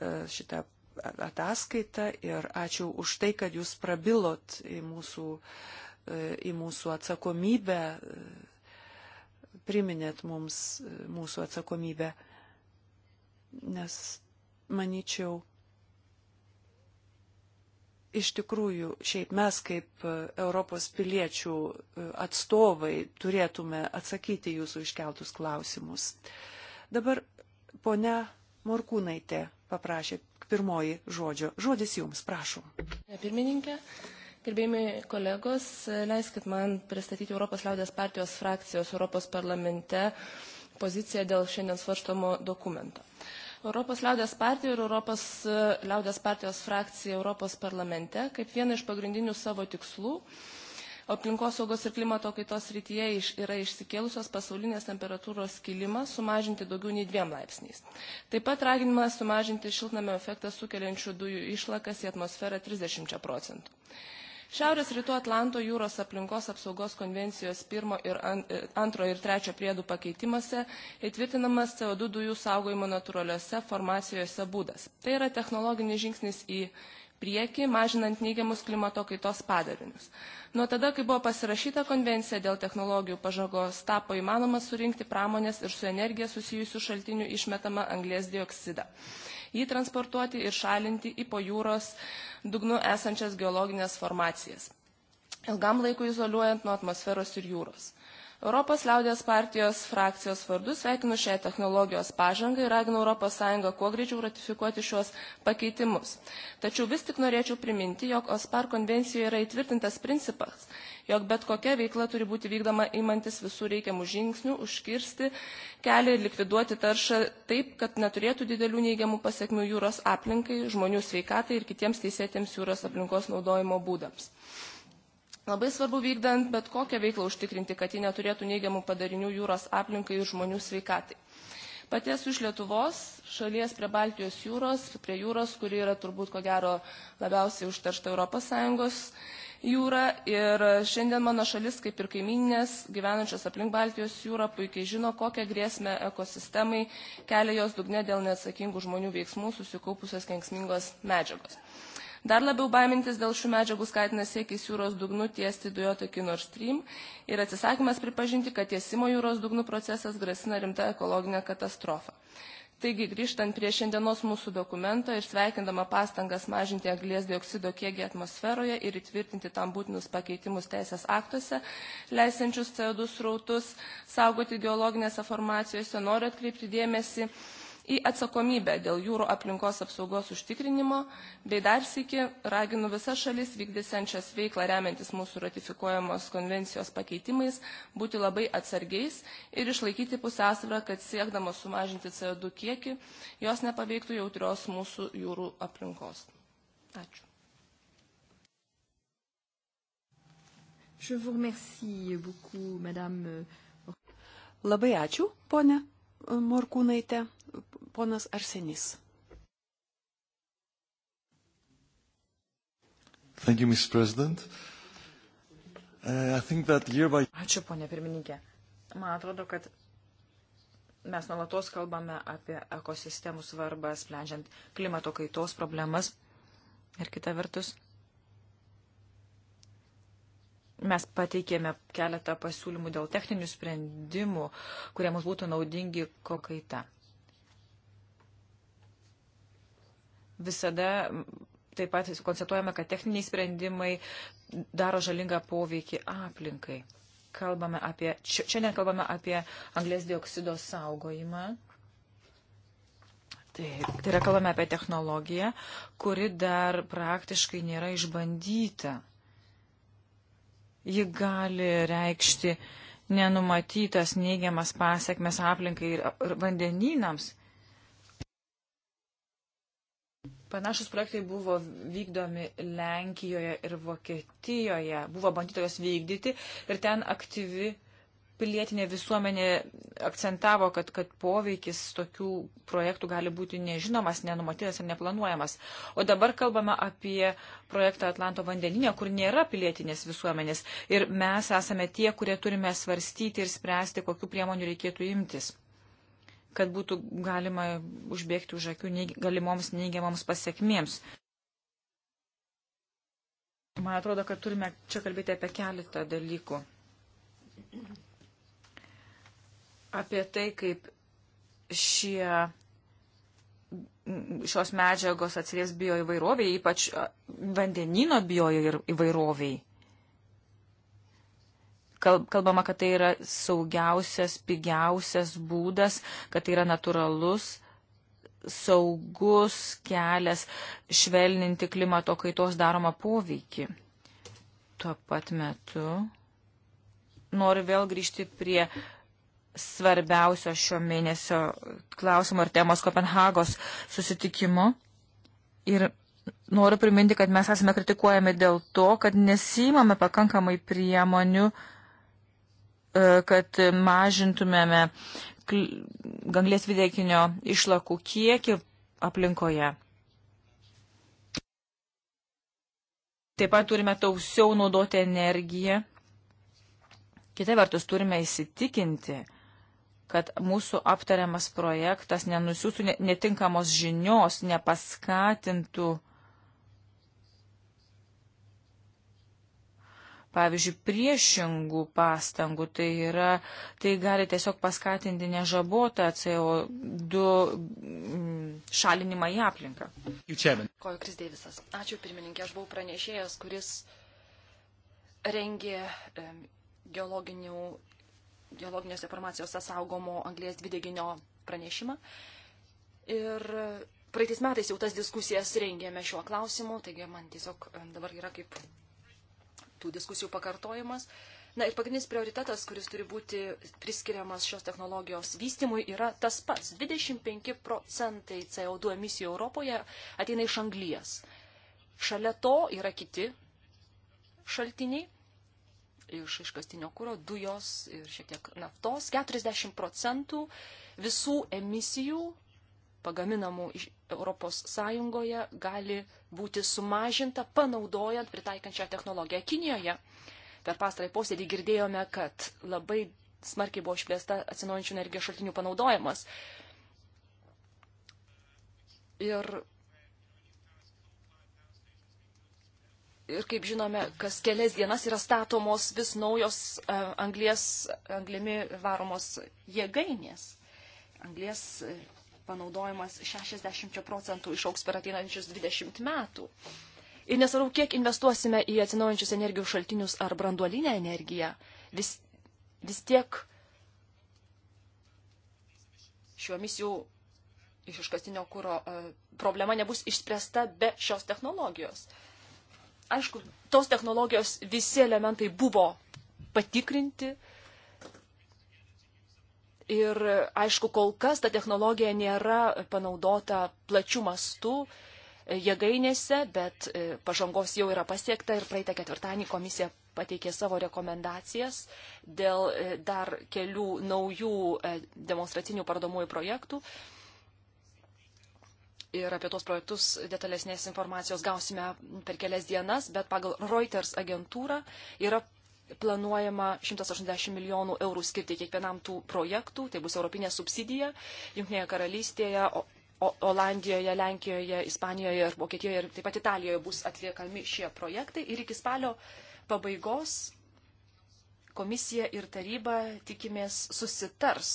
e, šitą ataskaitą ir ačiū už tai, kad Jūs prabilot į mūsų, e, į mūsų atsakomybę, e, priminėt mums mūsų atsakomybę, nes manyčiau, iš tikrųjų šiaip mes kaip e, Europos piliečių e, atstovai turėtume atsakyti jūsų iškeltus klausimus. Dabar ponia Morkūnaitė paprašė pirmoji žodžio. Žodis jums, prašom. Pirmininkė, gerbėjami kolegos, leiskit man pristatyti Europos liaudės partijos frakcijos Europos parlamente poziciją dėl šiandien svarstomo dokumento. Uh, Europos liaudės partijų ir Europos e, liaudės partijos frakcija Europos parlamente kaip vieną iš pagrindinių savo tikslų aplinkosaugos ir klimato kaitos rytyje iš, yra išsikėlusios pasaulinės temperatūros kilimą sumažinti daugiau nei dviem laipsniais. Taip pat raginimas sumažinti šiltnamio efektą sukeliančių dujų išlakas į atmosferą 30 procentų. Šiaurės rytų Atlanto jūros aplinkos apsaugos konvencijos pirmo ir e, antro ir trečio priedų pakeitimuose įtvirtinamas CO2 dujų saugojimo natūraliuose formacijose būdas. Tai yra technologinis žingsnis į priekį, mažinant neigiamus klimato kaitos padarinius. Nuo tada, kai buvo pasirašyta konvencija dėl technologijų pažagos, tapo įmanoma surinkti pramonės ir su energija susijusių šaltinių išmetamą anglės dioksidą jį transportuoti ir šalinti į po jūros dugnu esančias geologinės formacijas ilgam laikui izoliuojant nuo atmosferos ir jūros. Europos liaudės partijos frakcijos vardu sveikinu šią technologijos pažangą ir raginu ES kuo greičiau ratifikuoti šios pakeitimus. Tačiau vis tik norėčiau priminti, jog OSPAR konvencijoje yra įtvirtintas principas, jog bet kokia veikla turi būti vykdoma imantis visų reikiamų žingsnių, užkirsti kelią ir likviduoti taršą taip, kad neturėtų didelių neigiamų pasiekmių jūros aplinkai, žmonių sveikatai ir kitiems teisėtiems jūros aplinkos naudojimo būdams. Labai svarbu vykdant bet kokią veiklą užtikrinti, kad ji neturėtų neigiamų padarinių jūros aplinkai ir žmonių sveikatai. Pati esu iš Lietuvos, šalies prie Baltijos jūros, prie jūros, kuri yra turbūt ko gero labiausiai užteršta ES jūra. Ir šiandien mano šalis, kaip ir kaiminės, gyvenančios aplink Baltijos jūrą, puikiai žino, kokią grėsmę ekosistemai kelia jos dugne dėl neatsakingų žmonių veiksmų susikaupusios kenksmingos medžiagos. Dar labiau baimintis dėl šių medžiagų skatina siekis jūros dugnu tiesti dujotakį Nord Stream ir atsisakymas pripažinti, kad tiesimo jūros dugnu procesas grasina rimta ekologinė katastrofa. Taigi, grįžtant prie šiandienos mūsų dokumento ir sveikindama pastangas mažinti anglies dioksido kiekį atmosferoje ir įtvirtinti tam būtinus pakeitimus teisės aktuose, leisiančius CO2 srautus saugoti geologinėse formacijose, noriu atkreipti dėmesį į atsakomybę dėl jūrų aplinkos apsaugos užtikrinimo bei dar sykį raginu visas šalis vykdysiančias veiklą remiantis mūsų ratifikuojamos konvencijos pakeitimais būti labai atsargiais ir išlaikyti pusiausvyrą, kad siekdamos sumažinti CO2 kiekį jos nepaveiktų jautrios mūsų jūrų aplinkos. Ačiū. Je vous remercie beaucoup, Madame. Labai ačiū, ponia Morkūnaitė, ponas Arsenys. Thank you, Mr. President. Uh, I think that year by... Ačiū, ponė pirmininkė. Man atrodo, kad mes nuolatos kalbame apie ekosistemų svarbą, sprendžiant klimato kaitos problemas. Ir kita vertus, Mes pateikėme keletą pasiūlymų dėl techninių sprendimų, kurie mums būtų naudingi kokaita. Visada taip pat konstatuojame, kad techniniai sprendimai daro žalingą poveikį aplinkai. Kalbame apie, šiandien kalbame apie anglės dioksido saugojimą. Taip, tai yra kalbame apie technologiją, kuri dar praktiškai nėra išbandyta. Ji gali reikšti nenumatytas neigiamas pasiekmes aplinkai ir vandenynams. Panašus projektai buvo vykdomi Lenkijoje ir Vokietijoje. Buvo bandytos vykdyti ir ten aktyvi pilietinė visuomenė akcentavo, kad, kad poveikis tokių projektų gali būti nežinomas, nenumatytas ir neplanuojamas. O dabar kalbame apie projektą Atlanto vandeninė, kur nėra pilietinės visuomenės. Ir mes esame tie, kurie turime svarstyti ir spręsti, kokiu priemonių reikėtų imtis kad būtų galima užbėgti už akių galimoms neigiamoms pasiekmėms. Man atrodo, kad turime čia kalbėti apie keletą dalykų apie tai, kaip šie, šios medžiagos atsilies bio įvairoviai, ypač vandenino bio įvairoviai. Kalbama, kad tai yra saugiausias, pigiausias būdas, kad tai yra natūralus, saugus kelias švelninti klimato kaitos daromą poveikį. Tuo pat metu noriu vėl grįžti prie uh, svarbiausio šio mėnesio klausimo ir temos Kopenhagos susitikimo. Ir noriu priminti, kad mes esame kritikuojami dėl to, kad nesimame pakankamai priemonių, e, kad mažintumėme ganglės videkinio išlakų kiekį aplinkoje. Taip pat turime tausiau naudoti energiją. Kita vertus, turime įsitikinti, kad mūsų aptariamas projektas nenusiųstų netinkamos žinios, nepaskatintų, pavyzdžiui, priešingų pastangų. Tai, yra, tai gali tiesiog paskatinti nežabotą CO2 mm, šalinimą į aplinką. Kojo Kris Deivisas. Ačiū pirmininkė, aš buvau pranešėjas, kuris rengė geologinių geologinės informacijos saugomo anglės dvideginio pranešimą. Ir praeitais metais jau tas diskusijas rengėme šiuo klausimu, taigi man tiesiog dabar yra kaip tų diskusijų pakartojimas. Na ir pagrindinis prioritetas, kuris turi būti priskiriamas šios technologijos vystimui, yra tas pats. 25 procentai CO2 emisijų Europoje ateina iš anglijas. Šalia to yra kiti šaltiniai iš iškastinio kūro, dujos ir šiek tiek naftos. 40 procentų visų emisijų pagaminamų ES gali būti sumažinta panaudojant pritaikant šią technologiją Kinijoje. Per pastarąjį posėdį girdėjome, kad labai smarkiai buvo išplėsta atsinaujančių energijos šaltinių panaudojimas. Ir ir kaip žinome, kas kelias dienas yra statomos vis naujos e, anglės, anglimi varomos jėgainės. Anglės e, panaudojimas 60 procentų išauks per ateinančius 20 metų. Ir nesvarbu, kiek investuosime į atsinaujančius energijos šaltinius ar branduolinę energiją, vis, vis tiek šiuo misijų iš iškastinio kūro e, problema nebus išspręsta be šios technologijos. Aišku, tos technologijos visi elementai buvo patikrinti. Ir aišku, kol kas ta technologija nėra panaudota plačių mastų e, jėgainėse, bet e, pažangos jau yra pasiekta ir praeitą ketvirtadienį komisija pateikė savo rekomendacijas dėl e, dar kelių naujų demonstracinių pardomųjų projektų ir apie tos projektus detalesnės informacijos gausime per kelias dienas, bet pagal Reuters agentūrą yra planuojama 180 milijonų eurų skirti kiekvienam tų projektų, tai bus europinė subsidija Junktinėje karalystėje, o Olandijoje, Lenkijoje, Ispanijoje ir Vokietijoje ir taip pat Italijoje bus atliekami šie projektai ir iki spalio pabaigos komisija ir taryba tikimės susitars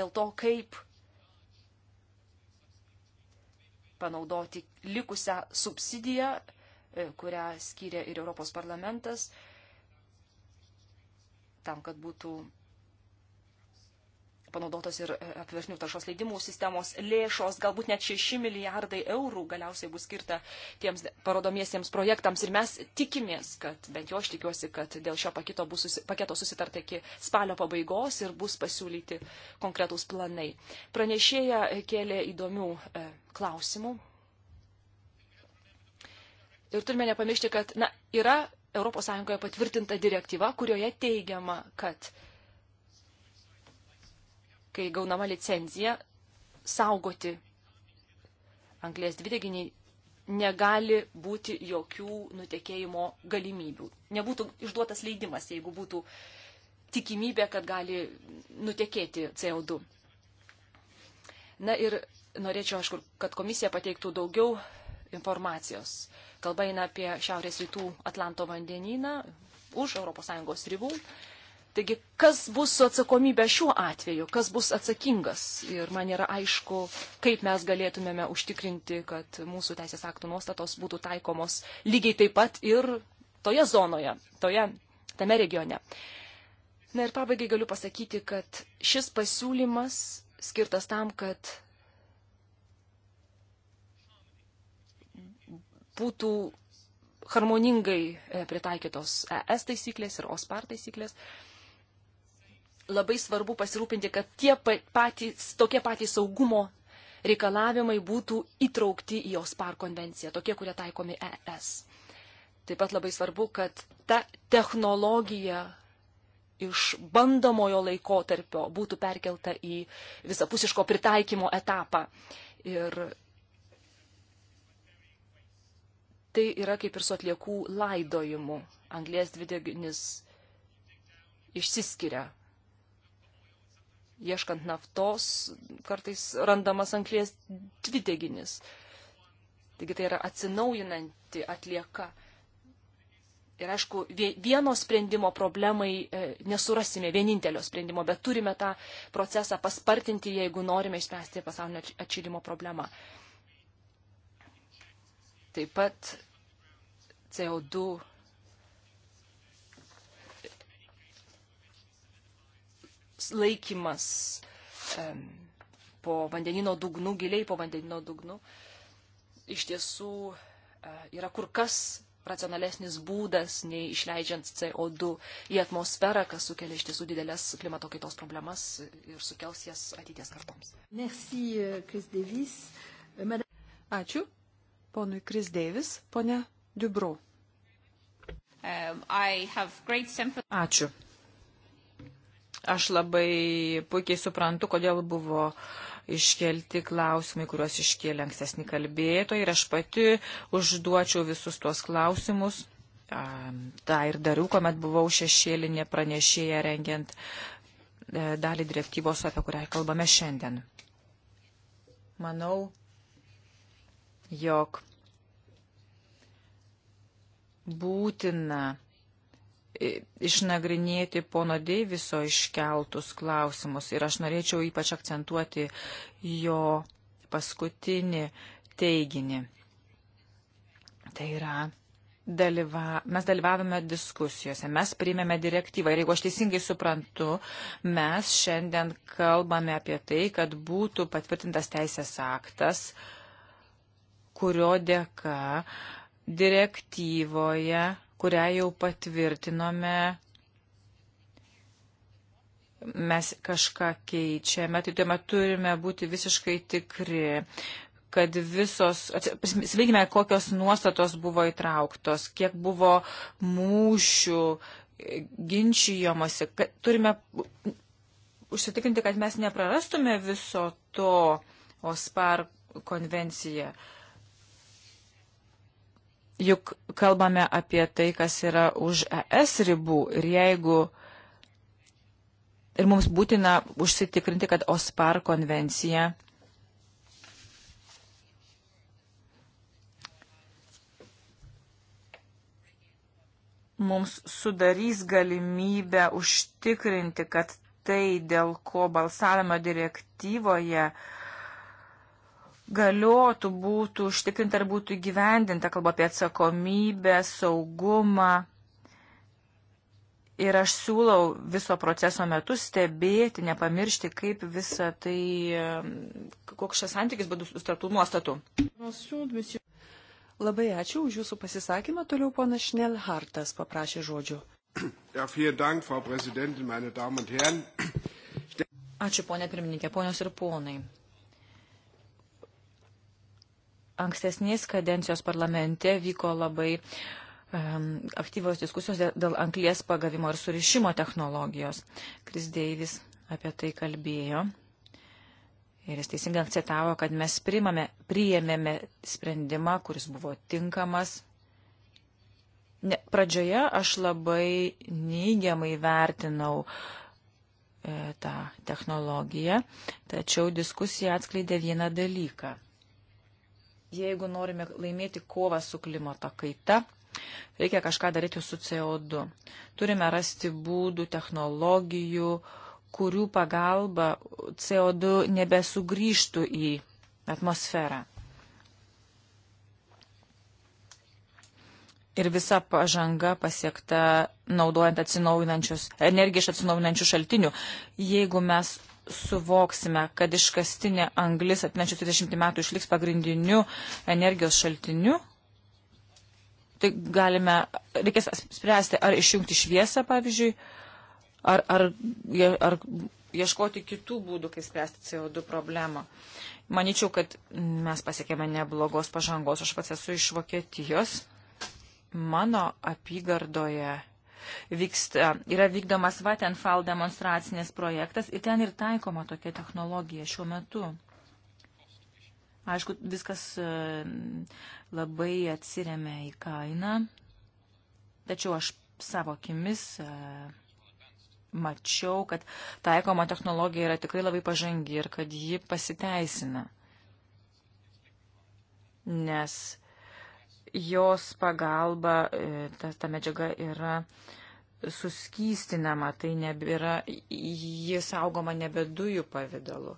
dėl to, kaip panaudoti likusią subsidiją, e, kurią skyrė ir Europos parlamentas, tam, kad būtų panaudotos ir e, apvežnių taršos leidimų sistemos lėšos, galbūt net 6 milijardai eurų galiausiai bus skirta tiems parodomiesiems projektams. Ir mes tikimės, kad bent jau aš tikiuosi, kad dėl šio paketo bus susi, paketo susitarta iki spalio pabaigos ir bus pasiūlyti konkretūs planai. Pranešėja kėlė įdomių e, klausimų. Ir turime nepamiršti, kad na, yra ES patvirtinta direktyva, kurioje teigiama, kad kai gaunama licenzija, saugoti anglės dvideginį negali būti jokių nutekėjimo galimybių. Nebūtų išduotas leidimas, jeigu būtų tikimybė, kad gali nutekėti CO2. Na ir norėčiau, aišku, kad komisija pateiktų daugiau informacijos. Kalba eina apie Šiaurės rytų Atlanto vandenyną už ES ribų. Taigi, kas bus su atsakomybė šiuo atveju, kas bus atsakingas ir man yra aišku, kaip mes galėtumėme užtikrinti, kad mūsų teisės aktų nuostatos būtų taikomos lygiai taip pat ir toje zonoje, toje, tame regione. Na ir pabaigai galiu pasakyti, kad šis pasiūlymas skirtas tam, kad būtų harmoningai e, pritaikytos ES taisyklės ir OSPAR taisyklės. Uh, labai svarbu pasirūpinti, kad tie patys, tokie patys saugumo reikalavimai būtų įtraukti į OSPAR konvenciją, tokie, kurie taikomi ES. Taip pat labai svarbu, kad ta technologija iš bandomojo laikotarpio būtų perkelta į visapusiško pritaikymo etapą. Ir tai yra kaip ir su atliekų laidojimu. Anglės dvideginis išsiskiria ieškant naftos kartais randamas anklės dvideginis. Taigi tai yra atsinaujinanti atlieka. Ir aišku, vieno sprendimo problemai e, nesurasime, vienintelio sprendimo, bet turime tą procesą paspartinti, jeigu norime išspręsti pasaulinio atšilimo problemą. Taip pat CO2 laikymas po vandenino dugnu, giliai po vandenino dugnu, iš tiesų e, yra kur kas racionalesnis būdas, nei išleidžiant CO2 į atmosferą, kas sukelia iš tiesų didelės klimato kaitos problemas ir sukels jas ateities kartoms. Merci, euh, Chris Davis. Euh, madame... Ačiū. Ponui Chris Davis, ponia Dubro. Um, Ačiū. Aš labai puikiai suprantu, kodėl buvo iškelti klausimai, kuriuos iškėlė ankstesni kalbėtojai ir aš pati užduočiau visus tuos klausimus. Ta ir dariau, kuomet buvau šešėlinė pranešėja rengiant e, dalį direktyvos, apie kurią kalbame šiandien. Manau, jog būtina išnagrinėti pono Deiviso iškeltus klausimus ir aš norėčiau ypač akcentuoti jo paskutinį teiginį. Tai yra, dalyva, mes dalyvavome diskusijose, mes priimėme direktyvą ir jeigu aš teisingai suprantu, mes šiandien kalbame apie tai, kad būtų patvirtintas teisės aktas, kurio dėka direktyvoje kurią jau patvirtinome. Mes kažką keičiame, tai tuomet turime būti visiškai tikri, kad visos, prisiminkime, kokios nuostatos buvo įtrauktos, kiek buvo mūšių, ginčijomasi, kad turime užsitikrinti, kad mes neprarastume viso to OSPAR konvenciją. Uh, juk kalbame apie tai, kas yra už ES ribų ir jeigu ir mums būtina užsitikrinti, kad OSPAR konvencija mums sudarys galimybę užtikrinti, kad tai, dėl ko balsavimo direktyvoje uh, galiotų, būtų užtikrinta ir būtų įgyvendinta, kalba apie atsakomybę, saugumą. Ir aš siūlau viso proceso metu stebėti, nepamiršti, kaip visa tai, koks šis santykis būtų sutartų nuostatų. Labai ačiū už Jūsų pasisakymą. Toliau ponas Šnelhartas paprašė žodžių. Ja, dank, Ačiū, ponė pirmininkė, ponios ir ponai ankstesnės kadencijos parlamente vyko labai um, aktyvios diskusijos dėl anglies pagavimo ir surišimo technologijos. Kris Deivis apie tai kalbėjo. Ir jis teisingai akcentavo, kad mes primame, priėmėme sprendimą, kuris buvo tinkamas. Ne, pradžioje aš labai neigiamai vertinau e, tą technologiją, tačiau diskusija atskleidė vieną dalyką – jeigu norime laimėti kovą su klimato kaita, reikia kažką daryti su CO2. Turime rasti būdų, technologijų, kurių pagalba CO2 nebesugryžtų į atmosferą. ir visa pažanga pasiekta naudojant atsinaujinančius, energiją iš atsinaujinančių šaltinių. Jeigu mes suvoksime, kad iškastinė anglis atnečių 30 metų išliks pagrindiniu energijos šaltiniu, tai galime, reikės spręsti, ar išjungti šviesą, pavyzdžiui, ar, ar, ar ieškoti kitų būdų, kaip spręsti CO2 problemą. Maničiau, kad mes pasiekėme neblogos pažangos. Aš pats esu iš Vokietijos. Mano apygardoje vyksta, yra vykdomas Vattenfall demonstracinės projektas ir ten ir taikoma tokia technologija šiuo metu. Aišku, viskas e, labai atsiriame į kainą, tačiau aš savo akimis e, mačiau, kad taikoma technologija yra tikrai labai pažangi ir kad ji pasiteisina. Nes jos pagalba e, ta, ta medžiaga yra suskystinama, tai nebėra, jis saugoma nebe dujų pavydalu.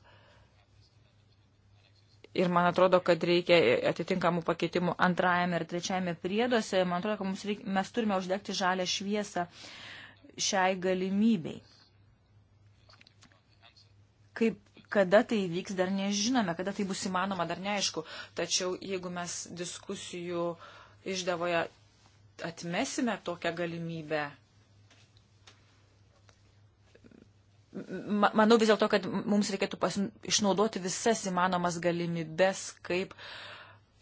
Ir man atrodo, kad reikia atitinkamų pakeitimų antrajame ir trečiajame prieduose. Man atrodo, kad mums reik, mes turime uždegti žalę šviesą šiai galimybei. Kaip Kada tai vyks, dar nežinome, kada tai bus įmanoma, dar neaišku. Tačiau jeigu mes diskusijų išdavoje atmesime tokią galimybę, manau vis dėlto, kad mums reikėtų pasin... išnaudoti visas įmanomas galimybes, kaip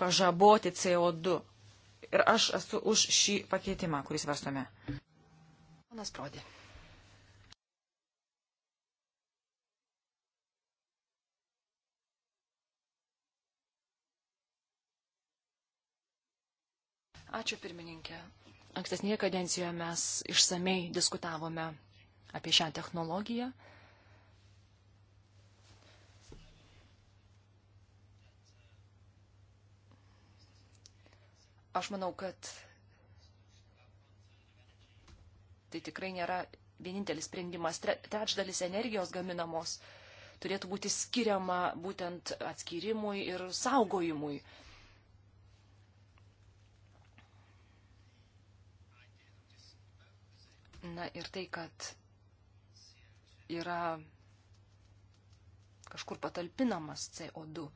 pažaboti CO2. Ir aš esu už šį pakeitimą, kurį svarstome. Ponas Prodė. Ačiū pirmininkė. Ankstesnėje kadencijoje mes išsamei diskutavome apie šią technologiją. Aš manau, kad tai tikrai nėra vienintelis sprendimas. Trečdalis energijos gaminamos turėtų būti skiriama būtent atskyrimui ir saugojimui. erzina ir tai, kad yra kažkur patalpinamas CO2.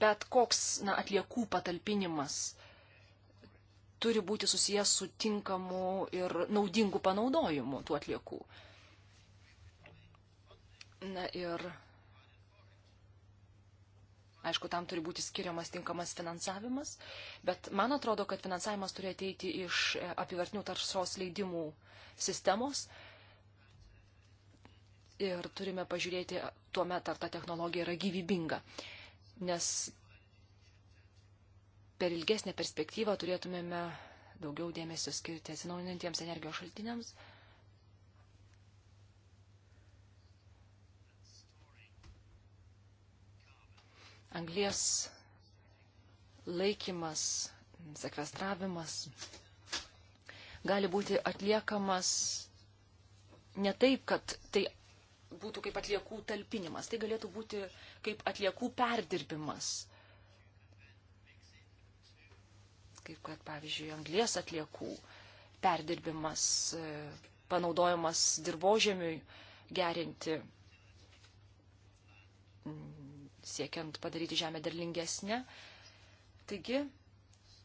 Bet koks na, atliekų patalpinimas turi būti susijęs su tinkamu ir naudingu panaudojimu tų atliekų. Na ir Aišku, tam turi būti skiriamas tinkamas finansavimas, bet man atrodo, kad finansavimas turi ateiti iš e, apivartinių taršos leidimų sistemos. Ir turime pažiūrėti tuo metu, ar ta technologija yra gyvybinga. Nes per ilgesnę perspektyvą turėtumėme daugiau dėmesio skirti atsinaujinantiems energijos šaltiniams anglies laikymas, sekvestravimas gali būti atliekamas ne taip, kad tai būtų kaip atliekų talpinimas, tai galėtų būti kaip atliekų perdirbimas. Kaip kad, pavyzdžiui, anglės atliekų perdirbimas, e, panaudojimas dirbožėmiui gerinti siekiant padaryti žemę derlingesnę. Taigi,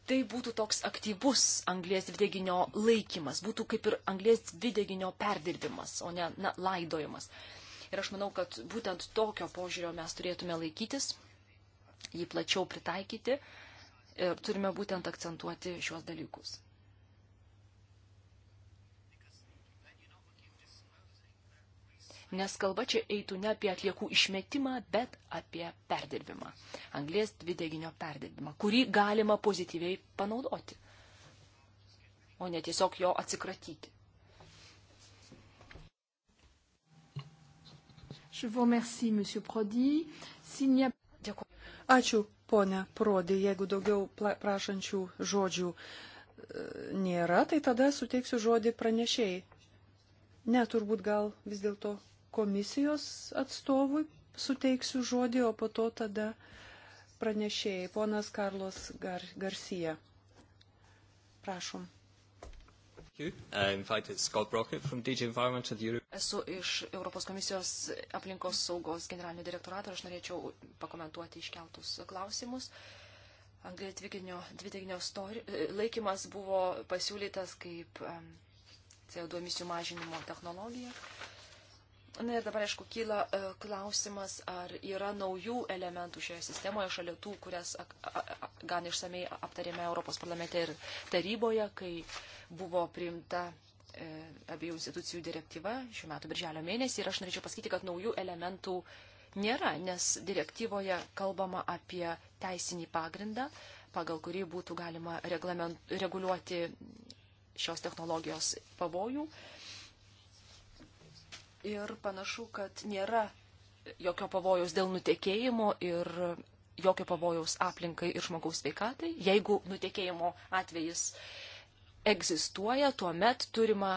tai būtų toks aktyvus anglės dvideginio laikymas, būtų kaip ir anglės dvideginio perdirbimas, o ne na, laidojimas. Ir aš manau, kad būtent tokio požiūrio mes turėtume laikytis, jį plačiau pritaikyti ir turime būtent akcentuoti šiuos dalykus. nes kalba čia eitų ne apie atliekų išmetimą, bet apie perdirbimą. Anglės dvideginio perdirbimą, kurį galima pozityviai panaudoti, o ne tiesiog jo atsikratyti. Ačiū, ponia Prodi, jeigu daugiau prašančių žodžių e, nėra, tai tada suteiksiu žodį pranešėjai. Ne, turbūt gal vis dėlto komisijos atstovui suteiksiu žodį, o po to tada pranešėjai. Ponas Karlos Gar Garcia. Prašom. Uh, Esu iš Europos komisijos aplinkos saugos generalinio direktorato ir aš norėčiau pakomentuoti iškeltus klausimus. Anglė dvideginio, dvideginio stori, e, laikymas buvo pasiūlytas kaip CO2 emisijų mažinimo technologija. Na ir dabar, aišku, kyla e, klausimas, ar yra naujų elementų šioje sistemoje šalia tų, kurias gan išsamei aptarėme Europos parlamente ir taryboje, kai buvo priimta e, abiejų institucijų direktyva šių metų birželio mėnesį. Ir aš norėčiau pasakyti, kad naujų elementų nėra, nes direktyvoje kalbama apie teisinį pagrindą, pagal kurį būtų galima reguliuoti šios technologijos pavojų ir panašu, kad nėra jokio pavojaus dėl nutekėjimo ir jokio pavojaus aplinkai ir žmogaus veikatai. Jeigu nutekėjimo atvejis egzistuoja, tuomet turima,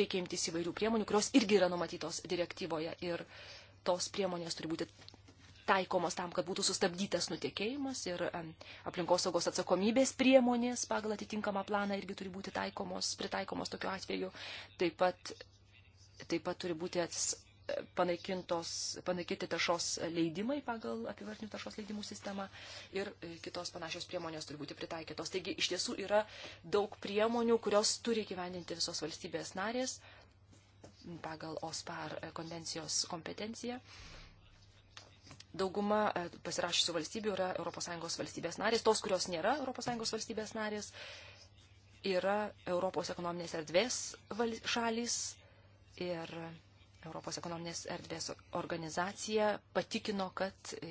reikia imtis įvairių priemonių, kurios irgi yra numatytos direktyvoje ir tos priemonės turi būti taikomos tam, kad būtų sustabdytas nutekėjimas ir aplinkosaugos atsakomybės priemonės pagal atitinkamą planą irgi turi būti taikomos, pritaikomos tokiu atveju. Taip pat Taip pat turi būti panaikinti taršos leidimai pagal apivartinių taršos leidimų sistemą ir e, kitos panašios priemonės turi būti pritaikytos. Taigi iš tiesų yra daug priemonių, kurios turi gyvendinti visos valstybės narės pagal OSPAR e, konvencijos kompetenciją. Dauguma e, pasirašysių valstybių yra ES valstybės narės, tos, kurios nėra ES valstybės narės, yra Europos ekonominės erdvės šalys ir Europos ekonominės erdvės organizacija patikino, kad e,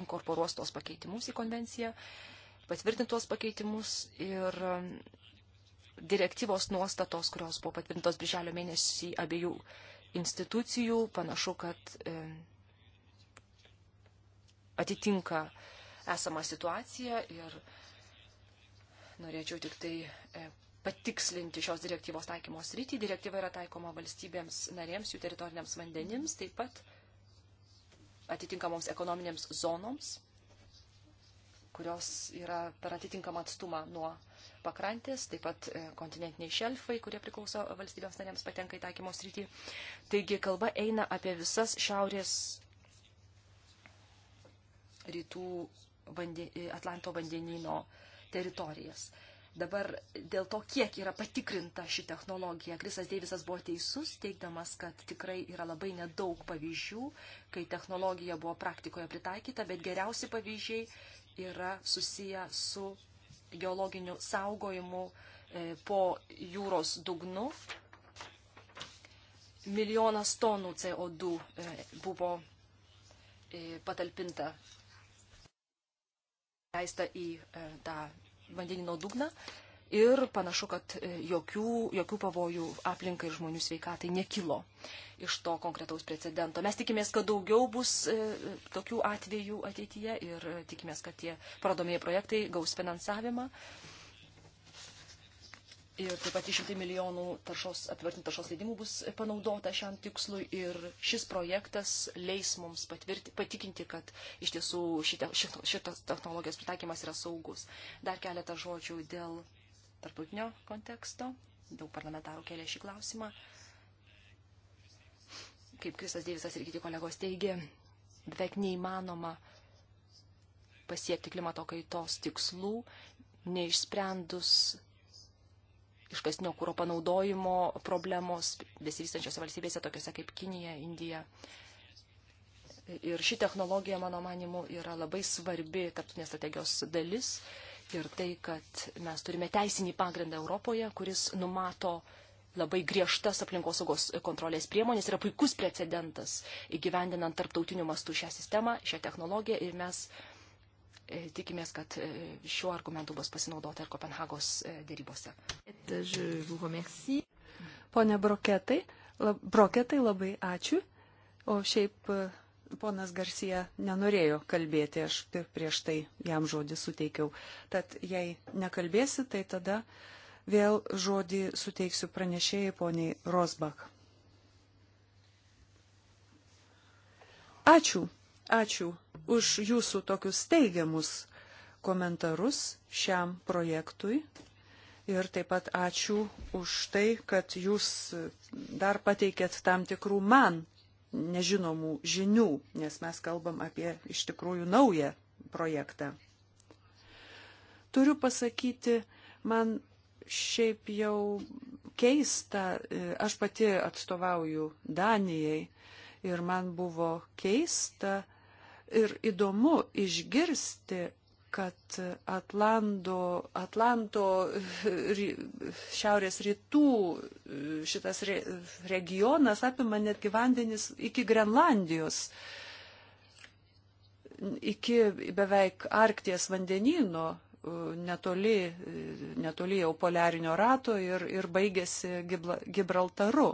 inkorporuos tos pakeitimus į konvenciją, patvirtintos pakeitimus ir um, direktyvos nuostatos, kurios buvo patvirtintos brželio mėnesį abiejų institucijų, panašu, kad um, atitinka esamą situaciją ir norėčiau tik tai um, patikslinti šios direktyvos taikymos rytį. Direktyva yra taikoma valstybėms narėms, jų teritoriniams vandenims, taip pat atitinkamoms ekonominėms zonoms, kurios yra per atitinkamą atstumą nuo pakrantės, taip pat e, kontinentiniai šelfai, kurie priklauso valstybėms narėms, patenka į taikymos rytį. Taigi kalba eina apie visas šiaurės rytų Atlanto vandenino teritorijas. Dabar dėl to, kiek yra patikrinta ši technologija, Krisas Deivisas buvo teisus, teikdamas, kad tikrai yra labai nedaug pavyzdžių, kai technologija buvo praktikoje pritaikyta, bet geriausi pavyzdžiai yra susiję su geologiniu saugojimu e, po jūros dugnu. Milijonas tonų CO2 e, buvo e, patalpinta leista į tą vandenino dugną ir panašu, kad e, jokių, jokių pavojų aplinkai ir žmonių sveikatai nekilo iš to konkretaus precedento. Mes tikimės, kad daugiau bus e, tokių atvejų ateityje ir e, tikimės, kad tie parodomieji projektai gaus finansavimą. Ir taip pat 300 milijonų taršos, aptvirtintų taršos leidimų bus panaudota šiam tikslui ir šis projektas leis mums patvirti, patikinti, kad iš tiesų šitas šita technologijos pritaikymas yra saugus. Dar keletą žodžių dėl tarptautinio konteksto. Daug parlamentarų kelia šį klausimą. Kaip Kristas Deivisas ir kiti kolegos teigia, beveik neįmanoma pasiekti klimato kaitos tikslų, neišsprendus iškasnio kūro panaudojimo problemos besivystančiose valstybėse, tokiuose kaip Kinija, Indija. Ir ši technologija, mano manimu, yra labai svarbi tarptautinės strategijos dalis ir tai, kad mes turime teisinį pagrindą Europoje, kuris numato labai griežtas aplinkosaugos kontrolės priemonės, yra puikus precedentas įgyvendinant tarptautiniu mastu šią sistemą, šią technologiją ir mes uh, E, tikimės, kad e, šiuo argumentu bus pasinaudota ir Kopenhagos e, dėrybose. Pone Broketai, lab, Broketai labai ačiū. O šiaip ponas Garcija nenorėjo kalbėti, aš prieš tai jam žodį suteikiau. Tad jei nekalbėsi, tai tada vėl žodį suteiksiu pranešėjai poniai Rosbach. Ačiū, ačiū už jūsų tokius teigiamus komentarus šiam projektui. Ir taip pat ačiū už tai, kad jūs dar pateikėt tam tikrų man nežinomų žinių, nes mes kalbam apie iš tikrųjų naują projektą. Turiu pasakyti, man šiaip jau keista, e, aš pati atstovauju Danijai ir man buvo keista ir įdomu išgirsti, kad Atlando, Atlanto <laughs> šiaurės rytų e, šitas re, regionas apima netgi vandenis iki Grenlandijos, iki beveik Arkties vandenino, e, netoli, e, netoli jau poliarinio rato ir, ir baigėsi Gibraltaru.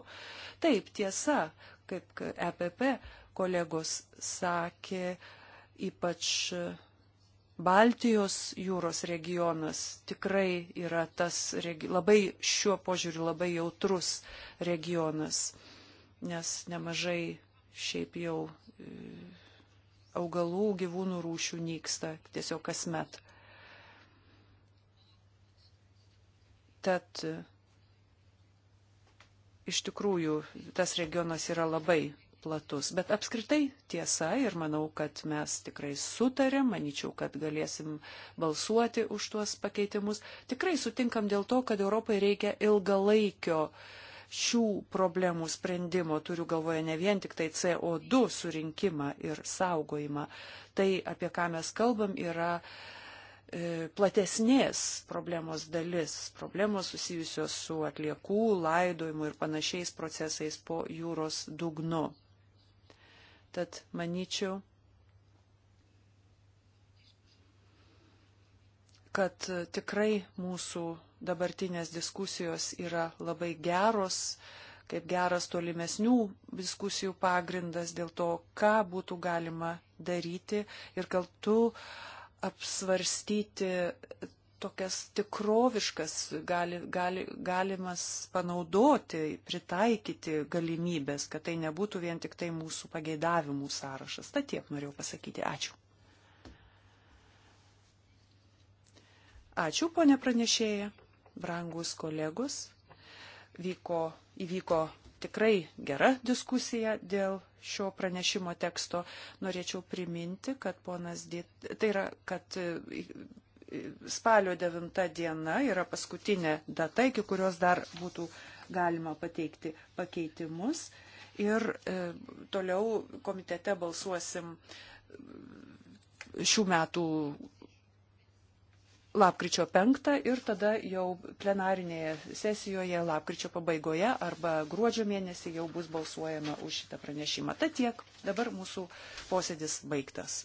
Taip, tiesa, kaip EPP kolegos sakė, ypač Baltijos jūros regionas tikrai yra tas regi labai šiuo požiūriu labai jautrus regionas, nes nemažai šiaip jau e, augalų, gyvūnų rūšių nyksta tiesiog kasmet. Tad e, iš tikrųjų tas regionas yra labai platus. Bet apskritai tiesa ir manau, kad mes tikrai sutarėm, manyčiau, kad galėsim balsuoti už tuos pakeitimus. Tikrai sutinkam dėl to, kad Europai reikia ilgalaikio šių problemų sprendimo, turiu galvoje ne vien tik tai CO2 surinkimą ir saugojimą. Tai, apie ką mes kalbam, yra e, platesnės problemos dalis, problemos susijusios su atliekų, laidojimu ir panašiais procesais po jūros dugnu. Tad manyčiau, kad tikrai mūsų dabartinės diskusijos yra labai geros, kaip geras tolimesnių diskusijų pagrindas dėl to, ką būtų galima daryti ir kartu apsvarstyti tokias tikroviškas gali, gali, galimas panaudoti, pritaikyti galimybės, kad tai nebūtų vien tik tai mūsų pageidavimų sąrašas. Ta tiek norėjau pasakyti. Ačiū. Ačiū, ponė pranešėja, brangus kolegos. Vyko, įvyko tikrai gera diskusija dėl šio pranešimo teksto. Norėčiau priminti, kad ponas Dėt, tai yra, kad spalio 9 diena yra paskutinė data, iki kurios dar būtų galima pateikti pakeitimus. Ir e, toliau komitete balsuosim e, šių metų lapkričio 5 ir tada jau plenarinėje sesijoje lapkričio pabaigoje arba gruodžio mėnesį jau bus balsuojama už šitą pranešimą. Tad tiek, dabar mūsų posėdis baigtas.